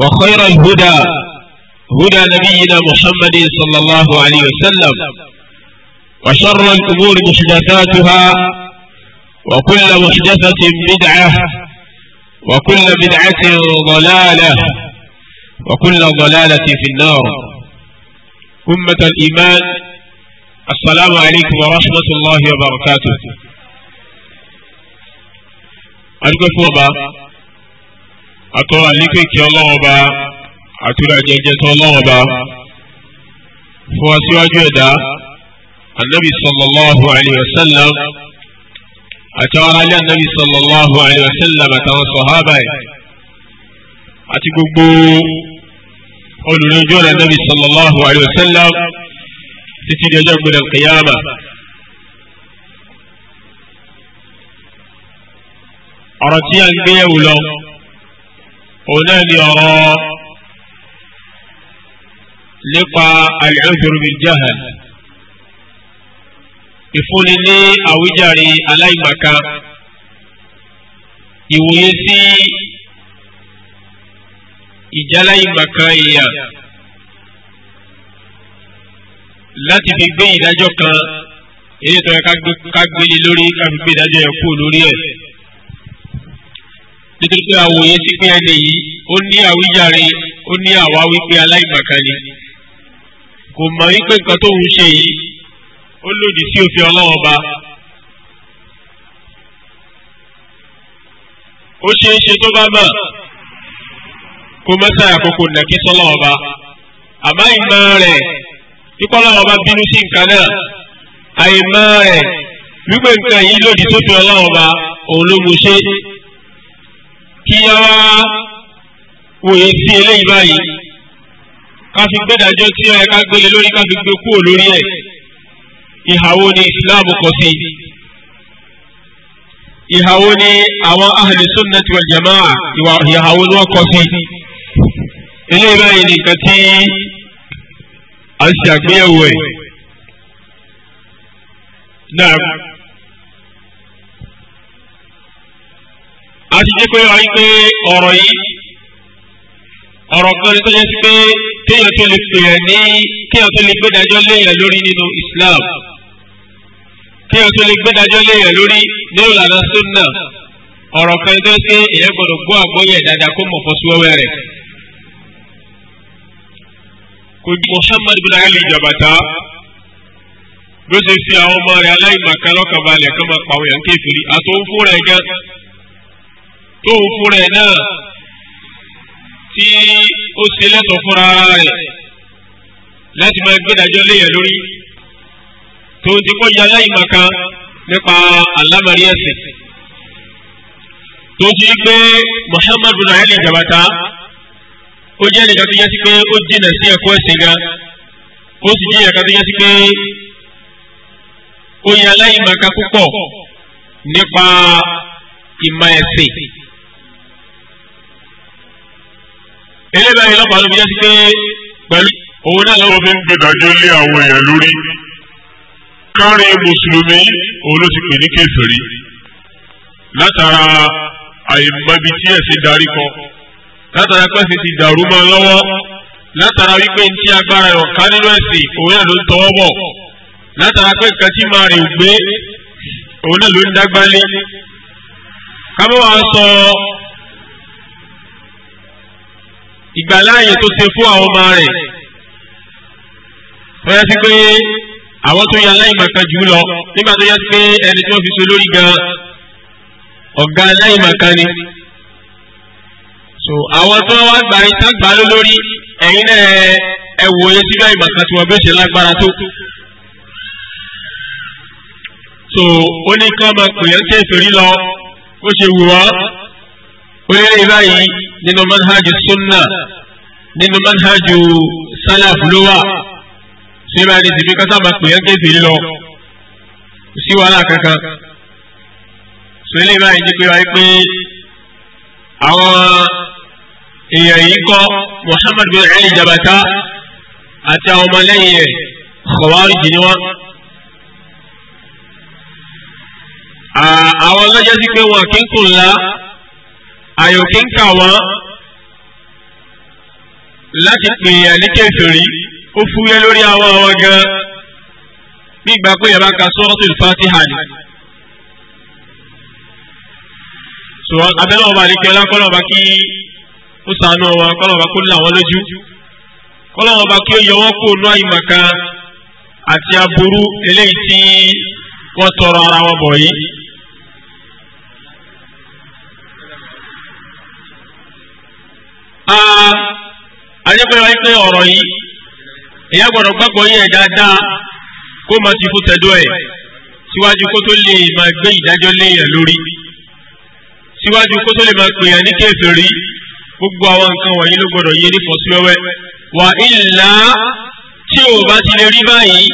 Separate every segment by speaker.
Speaker 1: وخير الهدى هدى نبينا محمد صلى الله عليه وسلم وشر الأمور محدثاتها وكل محدثة بدعة وكل بدعة ضلالة وكل ضلالة في النار أمة الإيمان السلام عليكم ورحمة الله وبركاته أرجو فوبا atọ́ra lékèké ọlọ́wọ́n ba àtúrà jẹjẹ tó ọlọ́wọ́n ba fún wa síwájú ẹ̀dá anabi sallallahu alayhi wa sallam àti àwọn alẹ́ anabi sallallahu alayhi wa sallam àtàwọn sọ̀hábà ẹ̀ àti gbogbo olùrànjọ́ rẹ̀ anabi sallallahu alayhi wa sallam títí di gbọdọ̀ kìyàmà. ọ̀rọ̀ tí a ń gbéyàwó lọ òun náà لقى العذر بالجهل al-udhr bil-jahl ìfúnni ní àwíjàre aláìmọ̀kan ìwòye sí ìjáláìmọ̀kan èèyàn láti fi gbé ìdájọ́ kan èyí tó yẹ ká gbé lórí ká fi gbé ìdájọ́ yẹn kú lórí ẹ̀ nítorí pé àwòye sí pé ẹni yìí ó ní àwíjàre ó ní àwáwí pé aláìmọ̀kan ni kò mọ̀ wípé nǹkan tó ń ṣe yìí ó lòdì sí òfin ọlọ́wọ́ ba ó ṣeé ṣe tó bá mọ̀ kó mẹ́ta àkókò nàkí sọ́lọ́wọ́ ba àmọ́ ìmọ̀ rẹ̀ kíkọ́ lọ́wọ́ bá bínú sí nǹkan náà àìmọ̀ rẹ̀ wípé nǹkan yìí lòdì sófin ọlọ́wọ́ ba òun ló mú ṣe kí a wá wòye sí eléyìí báyìí ká fi gbẹ́dájọ́ tí ó yẹ ká gbélé lórí ká fi gbé kúrò lórí ẹ̀ ìhàwó ni Islam kọ sí ìhàwó ni àwọn ahlu sunnati wal jamaa ìhàwó ni wọ́n kọ sí eléyìí báyìí nìkan tí a ń ṣàgbéyẹ̀wò ẹ̀ a ti jẹ́ pé wá wípé ọ̀rọ̀ yìí ọ̀rọ̀ kan tó yẹ sí pé kéèyàn tó lè pèèyàn ní kéèyàn tó lè gbẹ́dájọ́ léèyàn lórí nínú Islam kéèyàn tó lè gbẹ́dájọ́ léèyàn lórí nínú ìlànà sunna ọ̀rọ̀ kan tó yẹ sí èèyàn gbọ́dọ̀ gbọ́ àgbọ́yẹ̀ dáadáa kó mọ̀ fọ́ sí wẹ́wẹ́ rẹ̀. kò ju Muhammad bin Ali Jabata ló ṣe fi àwọn ọmọ rẹ̀ aláìmọ̀kan lọ́kànbalẹ̀ kó máa pàwọn tó o fún rẹ̀ náà tí ó ṣe lẹ́tọ̀ fúnra rẹ̀ láti máa gbẹ́dájọ́ léyẹ̀ lórí tó ti kọ́ ya láìmọ̀ kan nípa àlámọ̀rí ẹ̀sìn tó ti gbé Muhammad bin Ali Jabata ó jẹ́ nìkan tó yẹ sí pé ó jìnà sí ẹ̀kọ́ ẹ̀sìn gan ó sì jẹ́ nìkan tó yẹ sí pé ó ya láìmọ̀ kan púpọ̀ nípa ìmọ̀ ẹ̀sìn. bẹ́ẹ̀ bẹ́ẹ̀ lọ́pàá ló fi jẹ́ sí pé pẹ̀lú òun náà lọ́wọ́ fi ń gbẹdàjọ́ lé àwọn èèyàn lórí kárin mùsùlùmí òun ló ti pè ní kèfèrí látara àìmọbi tí ẹ̀sìn darí kọ látara pẹ́sìn ti dàrú mọ́ lọ́wọ́ látara wípé ní tí agbára ẹ̀rọ ká nínú ẹ̀sìn òun náà ló ń tọwọ́ bọ̀ látara pé nǹkan tí máa rìn gbé òun náà ló ń dágbálé ká ìgbàláyè tó ṣe fún àwọn ọmọ rẹ̀ tó yẹ sí pé àwọn tó yà aláìmọ̀kan jù lọ nígbà tó yẹ sí pé ẹni tí wọ́n fi so lórí gan ọ̀gá aláìmọ̀kan ni so àwọn tó wá gbà yín tá gbà ló lórí ẹ̀yin náà ẹ wò yẹn síbẹ̀ ìmọ̀kan tí wọ́n bí ṣe lágbára tó so ó ní ká máa pè é ṣe ìfèrí lọ ó ṣe wù wọ́n ó lé báyìí nínú manhajú sunna nínú manhajú salaf ló wà síbẹ̀ ní tìbí kátà máa pè é kéfì lọ kò sí wàhálà kankan sọlẹ́ báyìí ní pé wáyé pé àwọn èèyàn yìí kọ́ Muhammad bin Ali Jabata àti àwọn ọmọlẹ́yìn rẹ̀ Khawarij ni wọ́n. àwọn ọlọ́jọ́ sí pé wọn kì í kùn àyòkí ń kà wọ́n láti pè é ní kèfèrí ó fúyẹ́ lórí àwọn ọ̀rọ̀ gan bí ìgbà pé yàrá ka suratul Fatiha ni. sọ̀rọ̀ abẹ́lẹ́ ọba àdìkẹ́ ọlá kọ́lọ́ ọba kí ó sànú ọba kọ́lọ́ ọba kó là wọ́n lójú kọ́lọ́ ọba kí ó yọ wọ́n kó nú àyìnbàkan àti aburú eléyìí tí wọ́n tọrọ ara wọn bọ̀ yìí. àjẹpẹ́rẹ́ wáyé pé ọ̀rọ̀ yìí èyí gbọ́dọ̀ gbàgbọ́ yẹ dáadáa kó máa ti fún tẹ̀dọ́ ẹ̀ síwájú kó tó lè máa gbé ìdájọ́ léèyàn lórí síwájú kó tó lè máa pè yàn ní kèfèrí gbogbo àwọn nǹkan wọ̀nyí ló gbọ́dọ̀ yé ní fọ́síwẹ́wẹ́ wà ìlà tí o bá ti lè rí báyìí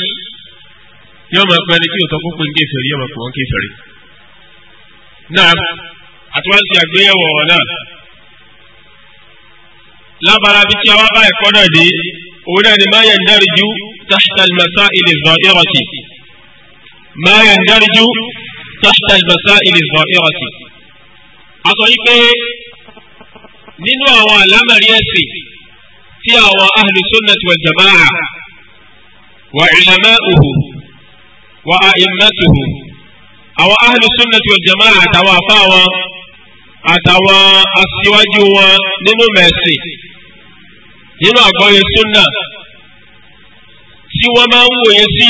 Speaker 1: yóò máa pẹ́ ni tí òótọ́ kó pé ń kèfèrí yóò máa pè wọ́n kèfèrí. náà àtúwáṣe àgbéyẹ̀wò náà lábara bí tí a wá bá ẹ̀kọ́ náà dé òun náà ni ma yandarju tahta al-masail adh-dha'irati ma yandarju tahta al-masail adh-dha'irati. a sọ yìí pé nínú àwọn àlámàrí ẹ̀sìn tí àwọn ahlu sunnati wal jama'a wa ulama'uhu wa a'immatuhu àwọn ahlu sunnati wal àtàwọn afáwọn àtàwọn aṣíwájú wọn nínú mẹ̀sìn nínú àgbáyé súnà tí wọ́n máa ń wòye sí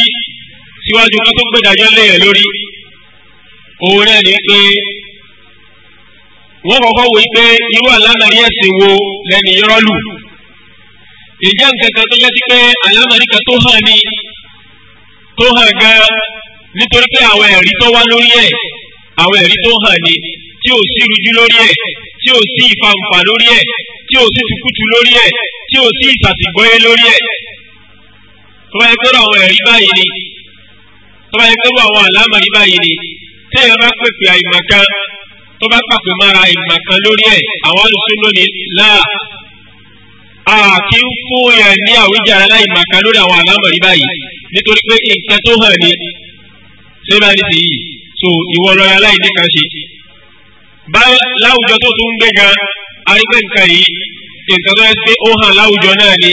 Speaker 1: síwájú kan tó gbẹ̀dájọ́ léyẹ̀ lórí òun náà ni pé wọ́n kọ́kọ́ wòye pé irú àlámàrí ẹ̀sìn wo lẹ́ni yọ́rọ́lù ìjẹ́ nǹkan kan tó jẹ́ sí pé àlámàrí kan tó hàn ní tó hàn gan nítorí pé àwọn ẹ̀rí tó wá lórí ẹ̀ àwọn ẹ̀rí tó hàn ní tí ò sí rújú lórí ẹ̀ tí ò sí ìfàǹfà lórí ẹ̀ tí ò sí tukutu lórí ẹ̀ tí ò sí ìfàsìgbọ́yé lórí ẹ̀ tó bá yẹ pé àwọn ẹ̀rí báyìí ni tó bá yẹ pé àwọn àlámà yìí báyìí ni téèyàn bá pèpè àìmọ̀kan tó bá pàpè mára àìmọ̀kan lórí ẹ̀ àwọn alùsùn lónìí láà a kì í fún yẹn ní àwíjàre aláìmọ̀kan lórí àwọn àlámà yìí báyìí nítorí pé nǹkan tó hàn ní ṣé ní sèyí so ìwọ lọ́ọ́ aláìníkan ṣe bá láwùjọ tó tún ń gbé gan arígbé nǹkan yìí nǹkan tó yẹ pé ó hàn láwùjọ náà ni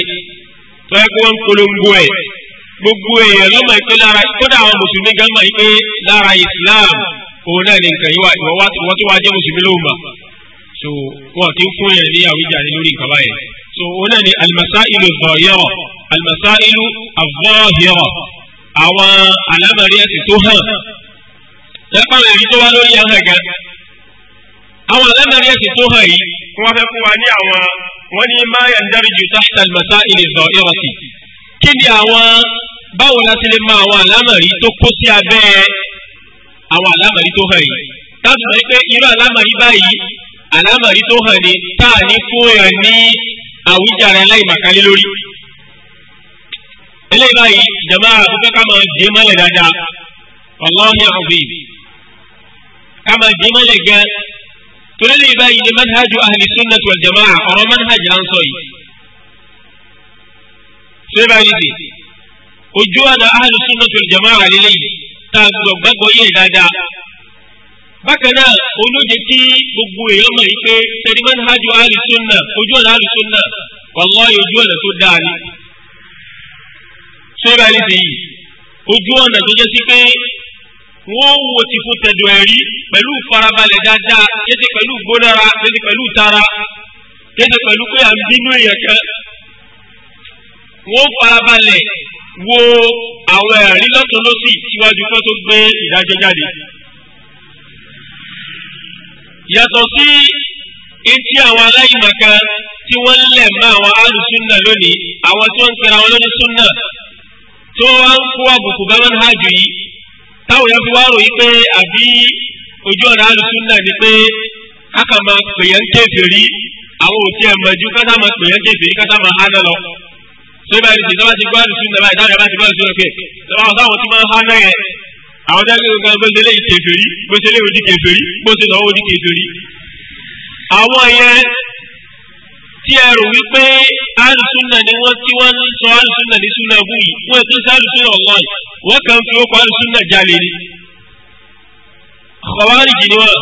Speaker 1: tó yẹ kó wọ́n ń polongo ẹ̀ gbogbo èèyàn lọ́mọ ìpè lára kódà àwọn mùsùlùmí gan mọ̀ ìpè lára Islam òun náà ni nǹkan ìwà ìwọ́n tí wàá jẹ́ mùsùlùmí ló mà so wọn kì í fún yẹn ní àwíjàre lórí nǹkan báyẹn so òun náà ni al-masailu adh-dhahira al-masailu àwọn alámọ̀rí ẹ̀sìn tó hàn lẹ́pàá èyí tó wá lórí ahọ́n gan àwọn alámọ̀rí ẹ̀sìn tó hàn yìí wọ́n fẹ́ fún wa ní àwọn wọ́n ní ma yandariju tahta al-masail adh-dha'irati kí ni àwọn báwo la ti lè mọ àwọn àlámọ̀rí tó kó sí abẹ́ àwọn àlámọ̀rí tó hàn yìí táàbù sọ pé irú àlámọ̀rí báyìí àlámọ̀rí tó hàn ní táà ní fún ẹ̀ ní àwíjàre aláìmàkálé lórí. eléyìí báyìí jama àkókò ká máa dé mọ́lẹ̀ wallahi azim ká máa dé mọ́lẹ̀ gan torí lè báyìí ni manhajú ahli sunnah wal jama'a ọ̀rọ̀ manhajú à ń sọ yìí. ṣé báyìí ni ojú ọ̀nà ahli sunnah wal jama'a lélẹ́yìí tá a gbọ̀ gbàgbọ́ yé dáadáa. bákan náà olóde tí gbogbo èèyàn mọ̀ yìí pé sẹ́ni manhajú ahli sunnah ojú ọ̀nà ahli sunnah wallahi ojú ọ̀nà tó dáa ni. ṣé báyìí ni ojú ọ̀nà tó jẹ́ sí pé wọ́n wo ti fún tẹ̀dọ̀ ẹ̀rí pẹ̀lú farabalẹ̀ dáadáa kéde pẹ̀lú gbónára kéde pẹ̀lú tara kéde pẹ̀lú pé à ń bínú èèyàn kan. wọ́n farabalẹ̀ wo àwọn ẹ̀rí lọ́tọ̀ lọ́sì síwájú kan tó gbé ìdájọ́ jáde. yàtọ̀ sí etí àwọn aláìmọ̀kan tí wọ́n lẹ̀ mọ́ àwọn alùsùnà lónìí àwọn tí wọ́n ń pera wọn lónìí súnà tó wá ń kó àbùkù bá wọn hájú yìí táwọn èèyàn fi wá ròyìn pé àbí ojú ọ̀nà alùsùnà ni pé káka máa pèyàn kèfèrí àwọn òtí ẹ̀ mọ̀jú káta máa pèyàn kèfèrí káta máa hánà lọ. sọ ibà ìrìsì tọ́ba ti gbọ́ alùsùnà báyìí táwọn ìyàbá ti gbọ́ alùsùnà pé tọ́ba táwọn ti máa hánà yẹn àwọn dájú kan bó ṣe léyìí kèfèrí bó ṣe léyìí odi kèfèrí bó ṣe odi kèfèrí. àwọn yẹn tí ẹ rò wípé alùsùnà ni wọ́n tí wọ́n ń sọ alùsùnà ní súnà bú yìí wọ́n ti ń sọ alùsùnà ọ̀gbọ́n yìí wọ́n kàn fi ó pa alùsùnà jalè ni. kọ̀wárìjì ni wọ́n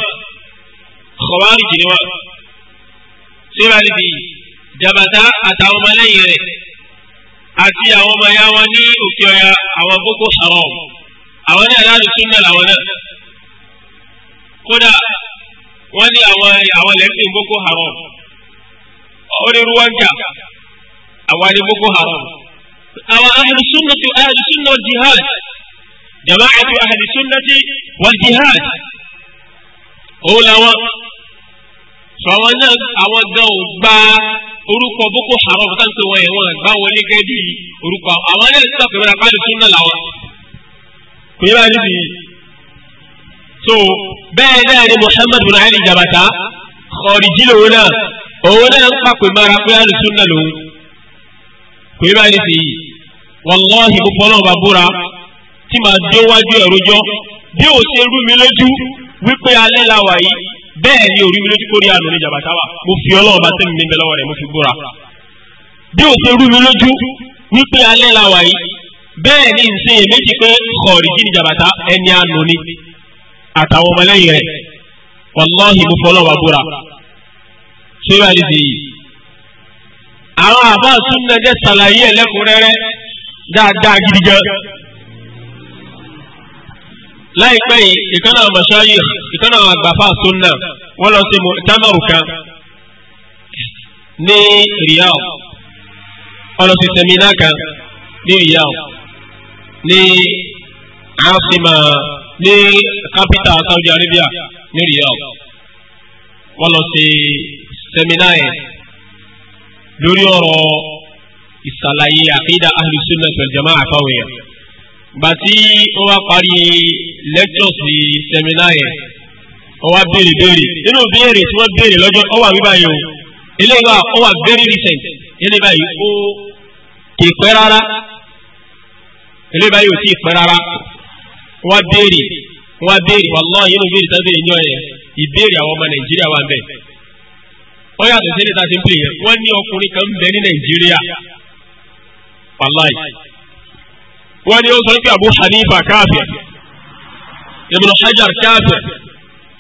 Speaker 1: kọ̀wárìjì ni wọ́n síra níbi jàbàtà àtàwọn ọmọlẹ́yìn rẹ̀ àti àwọn ọmọ ya wọn ní òkè ọya àwọn Boko Haram àwọn ní alùsùnà làwọn náà kódà wọ́n ní àwọn lẹ́sìn Boko Haram onírúwájà àwọn ni boko haram àwọn ahlùsúnnàtì ahlùsúnnà jihad jama'atu ahlùsúnnàtì wal jihad òun làwọn sọ àwọn náà àwọn gan ò gba orúkọ boko haram tá n pè wọn yẹn wọn gbá wọn ní gẹ́gẹ́ orúkọ àwọn náà ti sàpèwé ra pálí làwọn kò yẹ báyìí nìyí so bẹ́ẹ̀ náà ni muhammadu bin ali jabata kọ̀ọ̀rì jílòwò náà òun náà ń pàpè mára pé àlùsùn náà lòun kò ní báyìí sí yìí wàláhì gbogbo náà bá búra tí màá dé wájú ẹ̀rọ jọ bí ó ṣe rú mi lójú wípé alẹ́ la wà yìí bẹ́ẹ̀ ni òrí mi lójú kórìí àná ní jàbátá wa mo fi ọlọ́run bá tẹ́mi níbẹ̀ lọ́wọ́ rẹ̀ mo fi búra bí ó ṣe rú mi lójú wípé alẹ́ la wà yìí bẹ́ẹ̀ ni ń ṣe èméjì pé kọ̀ọ̀rìjì ní jàbátá ẹni àná ni àtàwọn ọmọlẹ́yìn rẹ̀ wàláhì mo fi bá búra ṣé wàá lè dìyí. àwọn àbá súnmọ́ dẹ́ ṣàlàyé ẹ̀ lẹ́kùnrẹ́rẹ́ dáadáa gidi gan. láìpẹ́ yìí ìkànnà àmọ̀ṣáyì ìkànnà àgbàfà súnmọ́ wọ́n lọ sí mọ̀tàmọ̀rù kan ní Riyadh ọlọ́sìn sẹ́mínà kan ní Riyadh ní asima ní kápítà Saudi Arabia ní Riyadh wọ́n lọ sí sẹ́mínà yẹn lórí ọ̀rọ̀ ìsàlàyé àkídà ahlu sunnah wal jamaa àfáwọn yẹn gbàtí ó wá parí lectures ní sẹ́mínà yẹn ó wá béèrè béèrè nínú béèrè tí wọ́n béèrè lọ́jọ́ ó wà wíwá yìí o eléyìí wà ó wà very recent eléyìí báyìí ó kì í pẹ́ rárá eléyìí báyìí ò tí pẹ́ rárá wọ́n béèrè wọ́n béèrè wàlláhì nínú béèrè sábẹ́ ìyọ́ yẹn ìbéèrè àwọn ọmọ Nàìjíríà wà bẹ́ẹ̀ ó yàtọ̀ sí ẹ̀ta ti ń pè yẹn wọ́n ní ọkùnrin kan ń bẹ ní nàìjíríà wàláì wọ́n ní ó sọ pé Abu Hanifa káfíà Ibn Hajar káfíà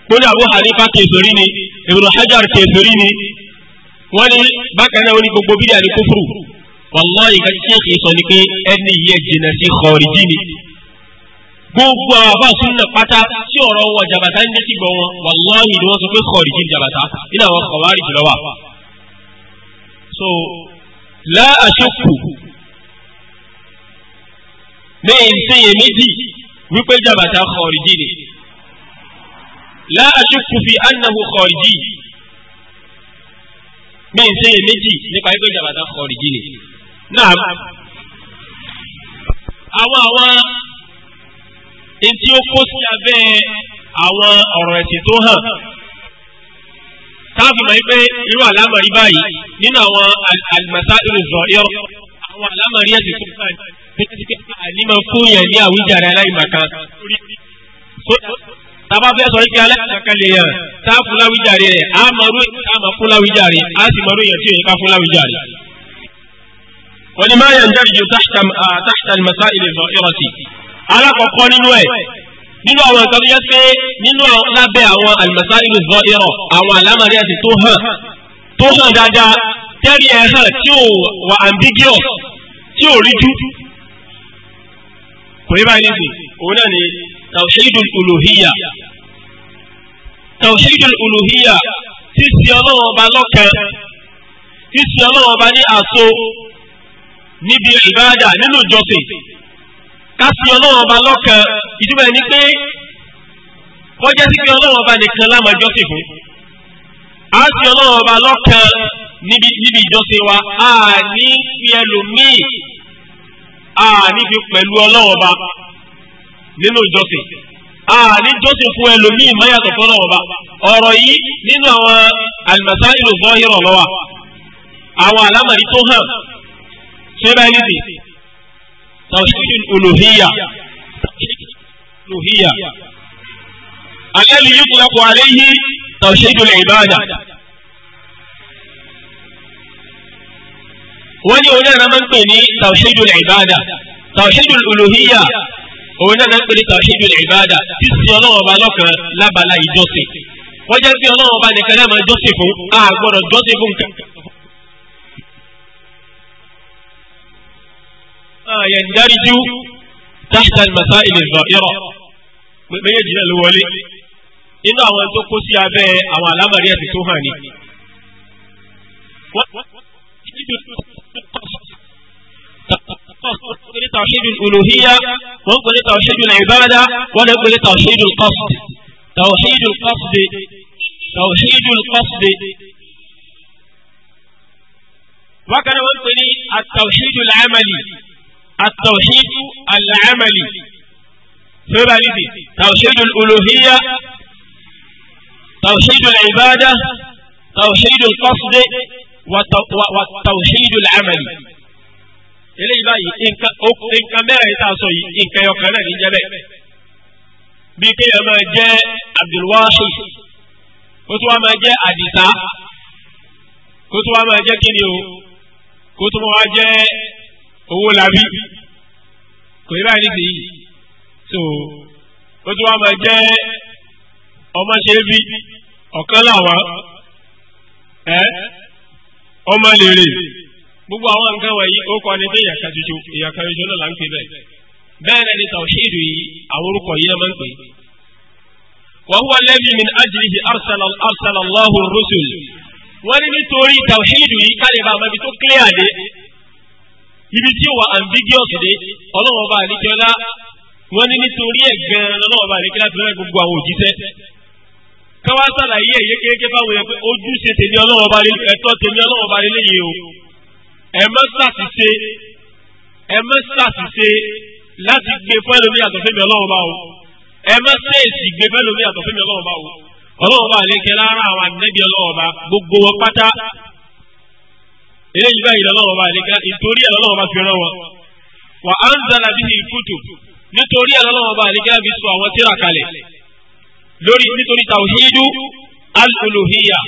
Speaker 1: kódà Abu Hanifa kèfèrí ni Ibn Hajar kèfèrí ni wọ́n ní bákan náà ó ní gbogbo bídíà ní kúfùrù wàláì nǹkan tí ṣèkì sọ ni pé ẹni yẹ jìnnà sí kọ̀ọ̀rì gbogbo àwọn àbá súnà pátá tí ọ̀rọ̀ wọn jàbàtà ń dẹ́sí gbọ́ wọn wàláhì ni wọ́n sọ pé kọ̀ọ̀rìjì jàbàtà nínú àwọn kọ̀wárì jùlọ wà. so láàṣọkù ní ìsìnyẹ̀méjì wípé jàbàtà kọ̀ọ̀rìjì ni láàṣọkù fi annahu kọ̀ọ̀rìjì ní ìsìnyẹ̀méjì nípa wípé jàbàtà kọ̀ọ̀rìjì ni. náà àwọn àwọn ntí ó kó sí abẹ́ àwọn ọ̀rọ̀ ẹ̀sìn tó hàn táàfin máa ń pẹ́ irú àlámọ̀rí báyìí nínú àwọn àlùmọ̀sá ìrìnsọ̀ yọ àwọn àlámọ̀rí ẹ̀sìn tó hàn pẹ̀lú ànímọ̀ fún yẹn ní àwíjàre aláìmọ̀kan tàbá fẹ́ sọ ipe aláìsàkalẹ̀ yẹn tá a fún láwíjàre rẹ̀ a máa rú èyí tá fún láwíjàre a sì máa rú èyí tí èyí fún láwíjàre. wọ́n ní máa yàn jáde ju táṣítà alákọ̀ọ́kọ́ nínú ẹ̀ nínú àwọn nǹkan tó yẹ pé nínú lábẹ́ àwọn àlùmọ̀sá ìlú zọ ìrọ̀ àwọn àlámàrí ẹ̀sìn tó hàn tó hàn dáadáa tẹ́rí ẹ̀ hàn tí ò wà ambiguous tí ò ríjú kò ní báyìí nìsín òun náà ni tawhidul uluhiyya tawhidul uluhiyya tí sí ọlọ́wọ́ ọba lọ́kan tí sí ọlọ́wọ́ ọba ní àso níbi ìbáàdà nínú ìjọsìn Kasi fi ọlọ́run ọba lọ́kan ìdúbẹ̀ ni pé kọjá sí pé ọlọ́run ọba nìkan lámọ̀jọ́ sì fún a fi ọlọ́run ọba lọ́kan níbi níbi ìjọsìn wa a ní fi ẹlòmíì a ní fi pẹ̀lú ọlọ́run ọba nínú ìjọsìn a ní jọ́sìn fún ẹlòmíì má yàtọ̀ fún ọlọ́run ọba ọ̀rọ̀ yìí nínú àwọn al-masā'il adh-dhāhira àwọn àlámọ̀rí tó hàn ṣé báyìí nìyí tawhid uluhiyya uluhiyya alladhi yutlaqu alayhi tawhid al-ibada wọ́n ní òun náà máa ń pè ní tawhid al-ibada tawhid al-uluhiyya òun náà máa ń pè ní tawhid al-ibada tí sin ọlọ́wọ́ ọba lọ́kàn lábala ìjọsìn wọ́n jẹ́ pé ọlọ́wọ́ ọba nìkan náà máa jọ́sìn fún a jọ́sìn fún kankan. آه، يندرج تحت المسائل الظاهرة ما يجي الولي إن أوان تقصي أبي أو على مرية سوهاني ونقول توحيد الألوهية ونقول توحيد العبادة ونقول توحيد القصد توحيد القصد توحيد القصد وكان ونقول التوحيد العملي التوحيد العملي فبالدي توحيد الألوهية توحيد العبادة توحيد القصد والتوحيد العملي eléyìí báyìí nǹkan mẹ́rin tá a sọ yìí nǹkan ẹyọkan náà ní jẹ́bẹ̀ bí kéèyàn máa jẹ́ abdulwaṣi kó tó wá máa jẹ́ àdìsá kó tó wá máa jẹ́ kíni o kó tó wá jẹ́ owó labí kò yẹ báyìí nìyí so ó tún wá máa jẹ ọmọ ṣe bí ọ̀kan làwọn ẹ ọmọ gbogbo àwọn nǹkan wọ̀nyí ó kọ́ ni pé ìyàkà tuntun ìyàkà tuntun náà là ń pè bẹ́ẹ̀ bẹ́ẹ̀ náà ni tàwíṣídù yìí àwọn orúkọ yìí náà máa ń pè é. وهو الذي من أجله ibi tí ó wà ambiguous dé ọlọ́wọ́ bá àlíkẹ́lá wọ́n ní nítorí ẹ̀ gan-an ọlọ́wọ́ bá àlíkẹ́lá fi rẹ́ gbogbo àwọn òjíṣẹ́ káwá sàlàyé èyí kéèké fáwọn yẹn pé ojúṣe tèmi ọlọ́wọ́ bá ẹ̀tọ́ tèmi ọlọ́wọ́ bá léyìí o ẹ má ṣàṣìṣe ẹ má ṣàṣìṣe láti gbé fẹ́lómi àtọ̀fẹ́mi ọlọ́wọ́ bá o ẹ má gbé fẹ́lómi àtọ̀fẹ́mi ọlọ́wọ́ bá o ọlọ́wọ́ bá àlíkẹ́lá ara àwọn ànẹ́bí ọlọ́wọ́ bá gbogbo wọn pátá eléyìí báyìí lọ́wọ́ bá àdéká ìtorí ẹ̀ lọ́wọ́ bá fi rán wọn. wà á ń zara bí i kútù nítorí ẹ̀ lọ́wọ́ bá àdéká fi sọ àwọn tírà kalẹ̀ lórí nítorí tàwíhídú al-uluhiyya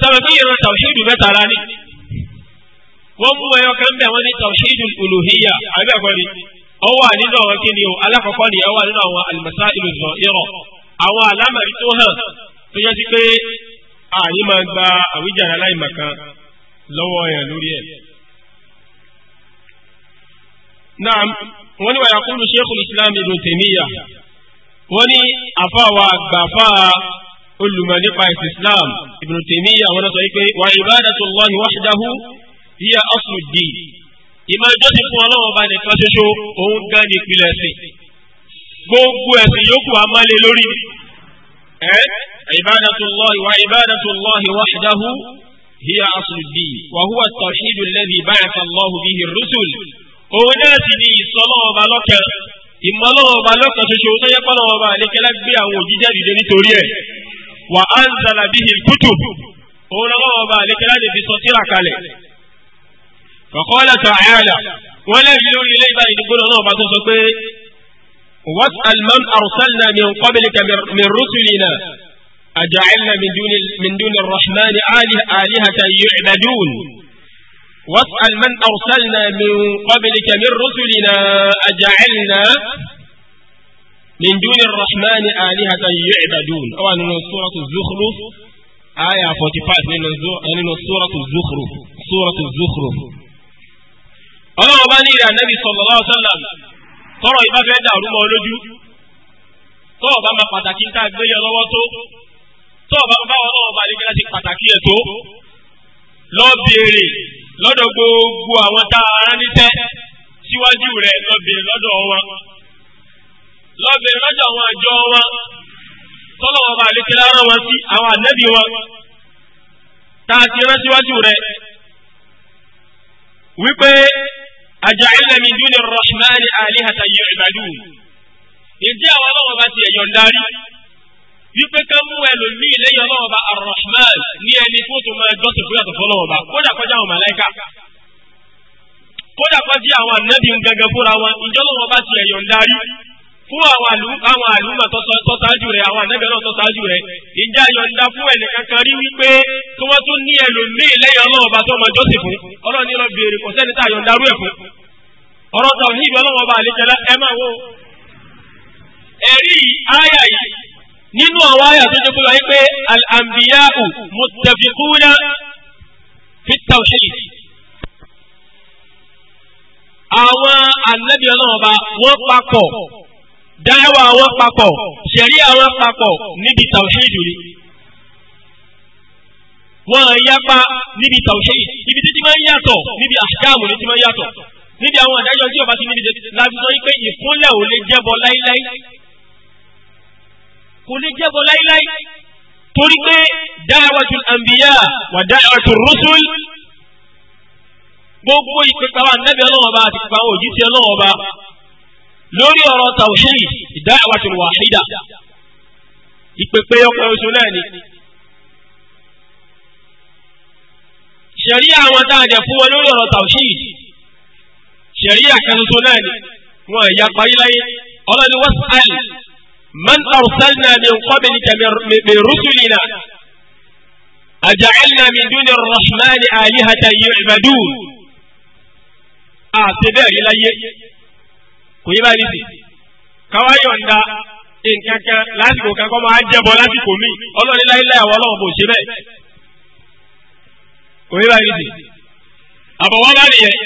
Speaker 1: sábà bí ìran tàwíhídú mẹ́ta rání wọ́n mú ẹyọ kan bẹ́ẹ̀ wọ́n ní tàwíhídú al-uluhiyya àbí ẹ̀kọ́ ni ó wà nínú àwọn kíni o alákọ̀ọ́kọ́ ni ó wà nínú àwọn al-masailu zahira àwọn alámàrí tó hàn tó yẹ sí pé àyè máa gba àwíjàre aláìmọ̀kan lọ́wọ́ yẹn lórí ẹ̀. náà wọ́n ní wàyà kúrú sheikhul islam ibn tèmíyà wọ́n ní àfàwà àgbàfà olùmọ̀ nípa ẹ̀sìn islam ibn tèmíyà wọ́n sọ pé wà ibadatullahi wahdahu hiya aslu ddin ìmọ̀ ìjọsìn fún ọlọ́wọ́ bá nìkan ṣoṣo òun gan ní ìpìlẹ̀ ẹ̀sìn gbogbo ẹ̀sìn yòókù ibadatullahi wà ibadatullahi هي أصل الدين وهو التوحيد الذي بعث الله به الرسل وناتني صلى بالك إما الله بالك شوشوتا يقول الله بالك لك بيا وجيجا لجني توريه وأنزل به الكتب الله بالك لك بسطيرة كالي فقال تعالى ولا يلون إليه بأي يقول الله بالك واسأل من أرسلنا من قبلك من رسلنا أجعلنا من دون, من دون الرحمن آله آلهة يعبدون واسأل من أرسلنا من قبلك من رسلنا أجعلنا من دون الرحمن آلهة يعبدون أو أن سورة الزخرف آية 45 من سورة الزخرف سورة الزخرف أنا أباني إلى النبي صلى الله عليه وسلم ترى إبا فيدا رمى ولجو ترى ما قد أكيد تأكد يا tó ọba báwọn náà ọba àdìgbẹ́lá ti pàtàkì ẹ̀ tó lọ béèrè lọ́dọ̀ gbogbo àwọn tá a rán níṣẹ́ síwájú rẹ̀ lọ béèrè lọ́dọ̀ wọn lọ béèrè lọ́dọ̀ àwọn àjọ wọn tọ́lọ̀ ọba àdìgbẹ́lá rán wọn sí àwọn ànábì wọn tá a ti rán síwájú rẹ̀ wípé àjàìlẹ̀ mi dúnni rọ̀ṣùmáàlì àlíhàtà yóò ìbàdùn ìdí àwọn ọlọ́wọ́ bá ti ẹ̀yọ̀ ń darí. wípé ká mú ẹlòmíì lẹ́yìn ọlọ́ọ̀ba arrahman ní ẹni tó tó máa jọ́sìn fún kódà kọjá àwọn kódà kọjá àwọn ànábì ń gẹ́gẹ́ fúnra wọn ìjọlọ́wọ́ bá ti ẹ̀yọ̀ ń darí fún àwọn rẹ̀ àwọn náà rẹ̀ ìjà fún rí wípé wọ́n tún ní ẹlòmíì lẹ́yìn tó máa fún nínú àwọn àyà tó jẹ́ pé pé al-anbiya'u muttafiquna fi tawhid àwọn ànábì ọlọ́ọ̀ba wọ́n papọ̀ dáwà wọn papọ̀ ṣẹ̀rí àwọn papọ̀ níbi tawhid rí wọn yapa níbi tawhid ibi títí máa ń yàtọ̀ níbi ahkamu ní ti máa ń yàtọ̀ níbi àwọn àdájọ́ tí ọba ti níbi láti sọ pé ìfúnlẹ̀ ò lè jẹ́bọ láíláí kò ní jẹ́bọ láíláí torí pé da'watul anbiya wa da'watur rusul gbogbo ìpèpè àwọn ànábì ọlọ́wọ́ bá àti ìpèpè àwọn òjíṣẹ́ ọlọ́wọ́ bá lórí ọ̀rọ̀ tawhid da'watul wahida ìpèpè ọkọ̀ oṣù náà ni. ṣẹ̀ríà àwọn tá a jẹ fún wọn lórí ọ̀rọ̀ tawhid ṣẹ̀ríà kan ṣoṣo náà ni wọn ìyapa yìí láyé ọlọ́ni wọ́n sáàlì من أرسلنا من قبلك من رسلنا أجعلنا من دون الرحمن آلهة يعبدون àtẹ̀bẹ́ rí láyé kò yí báyìí sí káwá yọ̀ǹda nǹkankan lásìkò kankan máa jẹ́bọ lásìkò míì ọlọ́run láyéláyà wọ́n lọ́wọ́ bò ṣe bẹ́ẹ̀ kò yí báyìí sí. àbọ̀wọ́ bá nìyẹn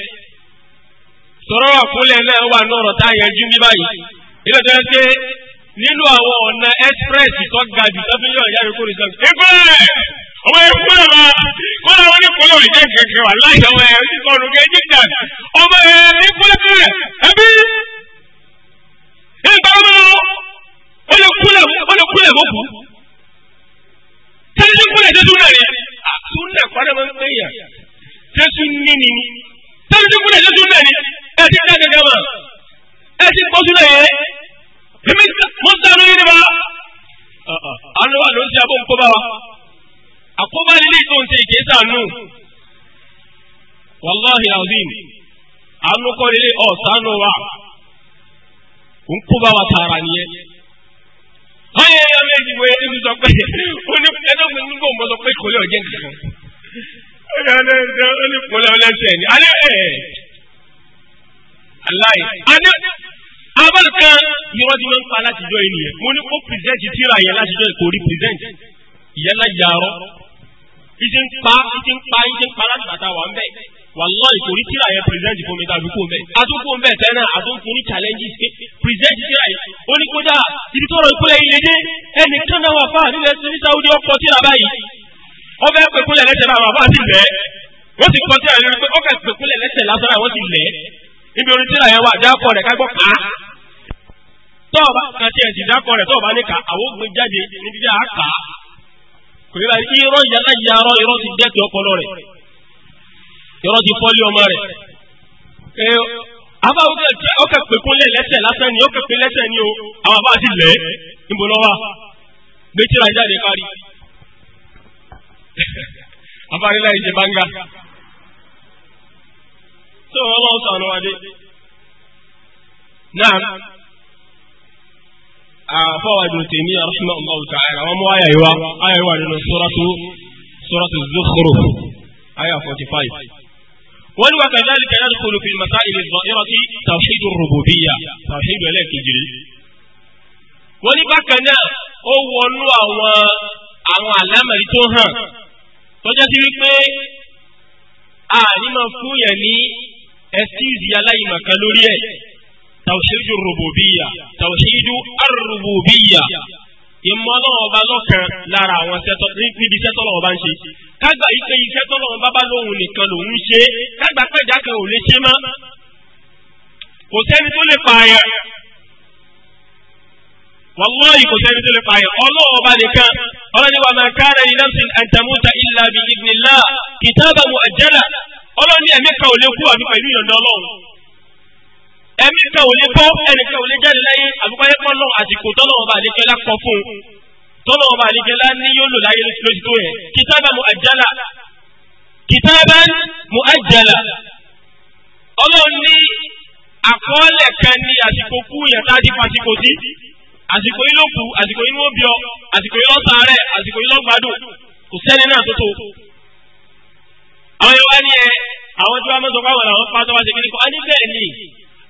Speaker 1: sọ̀rọ̀ àkúnlẹ̀ náà wà nọ̀rọ̀ tá a yanjú ní báyìí ilé tó yẹ nínú àwọn ọ̀nà express tó ga jù tó fi yọ ìyá rẹ̀ kó lè sọ. ìpínlẹ̀ ọmọ ìpínlẹ̀ wa kó làwọn oníkòló rẹ̀ jẹ́ kẹ̀kẹ́ wà láì àwọn ẹ̀rọ ìkọlù kẹ́ jíjà ọmọ ìpínlẹ̀ ẹ̀bí nígbà wọn ó lè kúlẹ̀ ó lè kúlẹ̀ mọ́kù. tẹ́lifí kúlẹ̀ tẹ́tù náà rẹ̀ tún náà kọ́dọ̀ máa ń pè yà tẹ́tù níní tẹ́lifí kúlẹ̀ tẹ́tù náà rẹ̀ ẹ̀ ti dá gẹ́gẹ́ mọ́ ẹ̀ ti kọ́ Èmi mo dànù yín ni bá. Àwọn wa ló ń ṣe abó ń kó bá wa. Àkóbá ilé ìtò ń ṣe ìgbésà nù. Wàláhi Azim, àánú kọ́ ilé ọ̀sánú wa. Ń kó bá wa tààrà nìyẹn. Báyọ̀ ẹ̀yà méjì wo ẹni sọ pé ó ní nígbà òun sọ pé kò lè ọ̀jẹ̀ nìkan. Ẹ̀yà ẹ̀dọ́gbọ̀n ó ní ọlẹ́sẹ̀ ni. Alẹ́ ẹ̀ bàbá kan irọ́ ti máa ń pa látijọ́ yìí nìyẹn mo ní kó pìrìsẹ́ǹtì tíra yẹn látijọ́ yìí kò rí pìrìsẹ́ǹtì ìyẹn yàrá ìṣe ń pa ìṣe ń pa ìṣe ń pa láti bàtà wà ń bẹ̀ wàláhì kò rí tíra yẹn pìrìsẹ́ǹtì fún mi tàbí kò ń bẹ̀ ń bẹ̀ tẹ́lẹ̀ àtúnkù ní challenges pé pìrìsẹ́ǹtì tíra yìí ó ní kódà ibi tó rọ ìpínlẹ̀ yìí lédè ẹnì kan náà wà fáà nílẹ̀ sí ní Saudi ọkọ̀ tíra báyìí ọbẹ̀ pẹ̀kúlẹ̀ lẹ́sẹ̀ náà wà fáà sí bẹ́ẹ̀ wọ́n ti kọ́ tíra yẹn lórí pé ọkọ̀ pẹ̀kúlẹ̀ lẹ́sẹ̀ lásán tọ́ọ̀bá kan tí ẹ̀sìn dákọ̀ rẹ̀ tọ́ọ̀bá ní ká àwọn ògbé jáde níbi tí a kà á kò ní báyìí irọ́ ìyálà ìyá arọ́ irọ́ ti dẹ́tì ọpọlọ rẹ̀ irọ́ ti fọ́lé ọmọ o àwọn ti níbo jáde kárí ìjẹ bánga àfọwọ́ Ibn Taymiyyah rahimahullahu ta'ala àwọn ọmọ ayà ìwà ayà ìwà nínú suratu suratu Zukhruf ayà 45 wọ́n ní wa kadhalika yadkhulu fi al-masail adh-dhahirati tawhid ar-rububiyyah tawhid ẹlẹ́ẹ̀kejì wọ́n ní bákan náà ó wọnú àwọn àwọn àlámẹ̀rí tó hàn tọ́jọ́ sí wípé àní máa fún yẹn ní ẹ̀sìtì aláìmọ̀kan lórí ẹ̀ tawhidu rububiya tawhidu arububiya ìmọ̀ ọlọ́run ọba lọ́kan lára àwọn níbi iṣẹ́ tọ́lọ́run ọba ń ṣe kágbà ipe iṣẹ́ tọ́lọ́run ọba bá lóhun nìkan lòun ń ṣe kágbà pẹ̀já kan ò lè ṣe mọ́ kò sẹ́ni tó lè pààyàn wàlláhì kò sẹ́ni tó lè pààyàn ọlọ́run ọba nìkan ọlọ́ni wa máa kára ní nafsin an tamuta illa bi idhnillah kitaban mu'ajjala ọlọ́ni ẹ̀mí kan ò lè kú àbí pẹ̀lú ìyọ̀ǹda ọlọ́run ẹ̀mí kan ò lè bọ́ ẹnìkan ò lè jáde láyé àbúkọ́yé kọ́ lọ́wọ́ àsìkò tọ́lọ́wọ́ bá àlejò ẹlá kan fún un tọ́lọ́wọ́ bá àlejò ẹlá ní yóò lò láyé lójú tó yẹ kìtàbà mu àjálà kìtàbà mu àjálà ọlọ́run ní àkọọ́lẹ̀ kan ní àsìkò kú yẹn tá a ti fa àsìkò sí àsìkò yìí ló kù àsìkò yìí ló bí àsìkò yìí ló sàárẹ̀ àsìkò yìí ló gbádùn kò sẹ́ni náà tó tó àwọn yóò wá ẹ àwọn tí wọ́n mọ̀ sọ fáwọn làwọn fún tó wá ṣe kí ni á ní bẹ́ẹ̀ ni.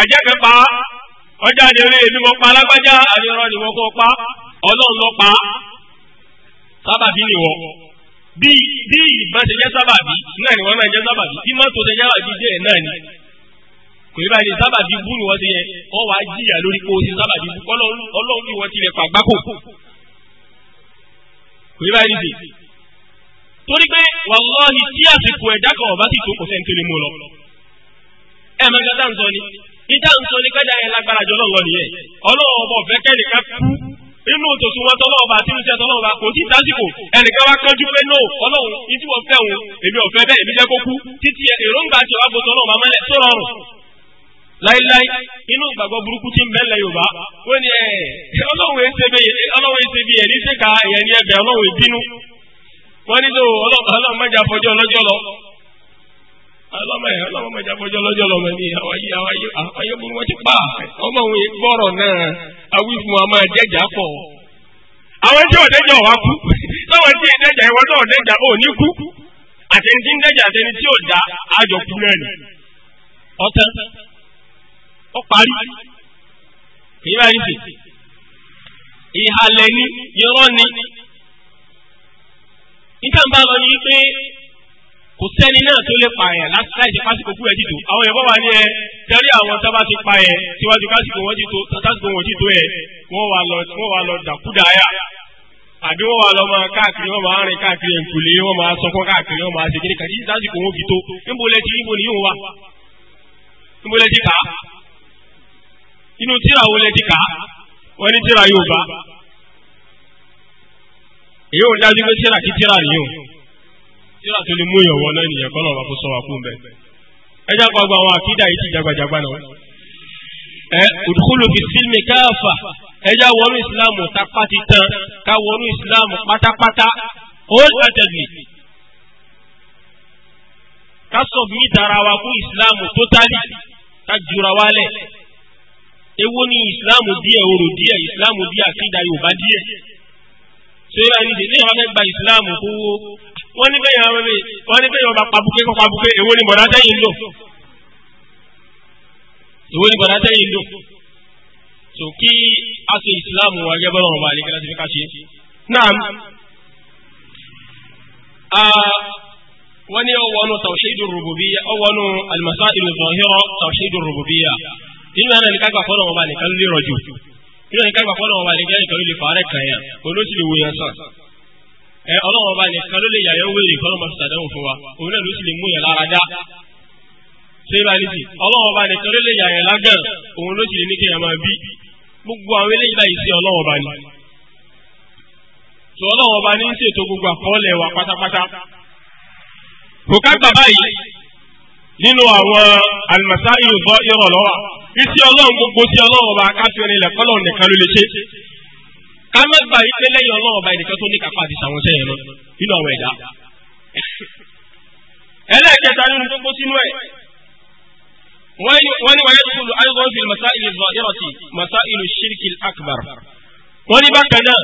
Speaker 1: àjẹkẹ pa ọjà àdèrè èmi mọ pa alágbájá àdèrè ni wọn kọ pa Ọlọ́run lọ pa sábàbí ni wọ bí bí ìbọn ṣe jẹ sábàbí náà ni wọn náà jẹ sábàbí bí mọ́tò ṣe jẹ sábàbí díẹ̀ náà ni kò yí báyìí sábàbí bú ni wọn ti yẹ ọ wá jìyà lórí pé o ti sábàbí bú Ọlọ́run ni wọn ti lẹ pàgbákò kò yí báyìí nìyí torí pé wàlọ́ọ̀ni tí àsìkò ẹ̀dá kan ọ̀bá sì tó kò sẹ́ńtẹ́lẹ̀ mú lọ ẹ̀ẹ́mẹ́gàdá ń sọ ni. ìjà ń sọ ní pẹ́ẹ́dà yẹn lágbára jọ lọ́lọ́ nìyẹn ọlọ́wọ́ ọba ọ̀fẹ́ kẹ́nìkan kú inú tòṣùn wọn tọ́lọ́ ọba àti irúṣẹ́ tọ́lọ́ ọba kò sí ẹnìkan wá kánjú pé no ọlọ́run ìtí wọ́n fẹ́ òun èmi ọ̀fẹ́ bẹ́ẹ̀ èmi jẹ́ kó kú títí èròǹgbà tí wàá tó rọrùn láíláí inú burúkú ń yorùbá wọ́n ní ọlọ́mọ yẹn ọlọ́mọ jábọ́jọ́ lọ́jọ́ lọ́mọ ní ni. àwáyé àwáyé burú wọn ti pa ọmọ òun yìí gbọ́rọ̀ náà awífun àmọ́ ẹ̀jẹ̀jà pọ̀. àwọn tí ọ̀dẹ́jà wá kú táwọn tí ẹ̀dẹ́jà ìwọ náà ọ̀dẹ́jà ò ní kú àtẹni ń dẹ́jà àtẹni tí ò dá àjọ kú náà nì. ni ni bá lọ kò sẹ́ni náà tó lè pààyàn láti pásítọ̀ kú ẹ̀ dìtò àwọn èèyàn bọ́ wà ní ẹ tẹ́rí àwọn tó bá ti pa ẹ̀ síwájú pásítọ̀ wọn dìtò pásítọ̀ wọn dìtò ẹ̀ wọ́n wà lọ dàkúdàáyà àbí wọ́n wà lọ máa káàkiri wọ́n máa rìn káàkiri ẹ̀ǹkulè wọ́n máa sọkún káàkiri wọ́n máa ṣègiri kàdí lásìkò wọn fi tó níbo lẹ ti níbo ni yóò wà níbo lẹ ti kà á inú tíra wo lẹ ti kà á wọ́n ní tíra yóò bá èyí ò dájú pé tíra kí tíra nìyóò tíra tó lè mú ìyọ̀wọ́ náà nìyẹn kọ́ lọ́wọ́ kó sọ wà kú mbẹ́. ẹ jágbá gba àwọn àkídà yìí ti jagbajagba náà. ẹ òdùkúlù fi sílmi káàfà ẹ já wọnú ìsìláàmù tápá ti tán ká wọnú ìsìláàmù pátápátá wholeheartedly. ká submit ara wa fún ìsìláàmù totally ká jura wálẹ̀. èwo ni ìsìláàmù díẹ̀ òrò díẹ̀ ìsìláàmù díẹ̀ àkídà Yorùbá díẹ̀ ṣé bá yìí ní ìwà fẹ́ gba ìsìláàmù kó wó wọ́n ní bẹ́ẹ̀ yàrá bẹ́ẹ̀ wọ́n ní bẹ́ẹ̀ yàrá pàbùké kọ́ pàbùké èwo ni bọ̀dá tẹ́yìn lò èwo ni bọ̀dá tẹ́yìn lò so kí a ṣe ìsìláàmù wa gẹ́gẹ́ bọ́lá ọba àlekẹ́lá ti fi ká ṣe náà wọ́n ní ọwọ́ nù tawhidu rububiyya ọwọ́ nù al-masailu zahira tawhidu rububiyya nínú fọ́lọ́ ọba nìkan lérò yóò ní ká gbà ọba wa lè jẹ́ ìtọ́jú lè fàárẹ̀ kàn yàn olóṣì lè wo yẹn sàn. ẹ ọlọ́wọ́ wa nìkan ló lè yàyẹ wéèrè fọlọ́mọ sàdánwò fún wa òun náà ló sì lè mú yẹn lára dá. sèba ní ti ọlọ́wọ́ wa nìkan ló lè yàyẹ lágàn òun ló lè ní kéèyàn máa bí gbogbo àwọn eléyìí báyìí sí ọlọ́wọ́ ni. ọlọ́wọ́ ní wa pátápátá. kò ká nínú àwọn alimasaayi bọ ìrọlọwà isi Ọlọ́run gbogbo sí Ọlọ́run ọba akáfíọrin ilẹ kọlọ nìkan ló lè ṣe kámẹgbà yìí pé lẹ́yìn Ọlọ́run ọba ẹnìkan tó ní kápá àti sàwọn sẹ́yìn lọ nínú àwọn ẹ̀dá ẹlẹ́ẹ̀kẹta nínú gbogbo sínú ẹ wọ́n ní wọ́n yẹ kúlù ayọkọ fi masaayi bọ ìrọtì masaayi shirki akbar wọ́n ní bákan náà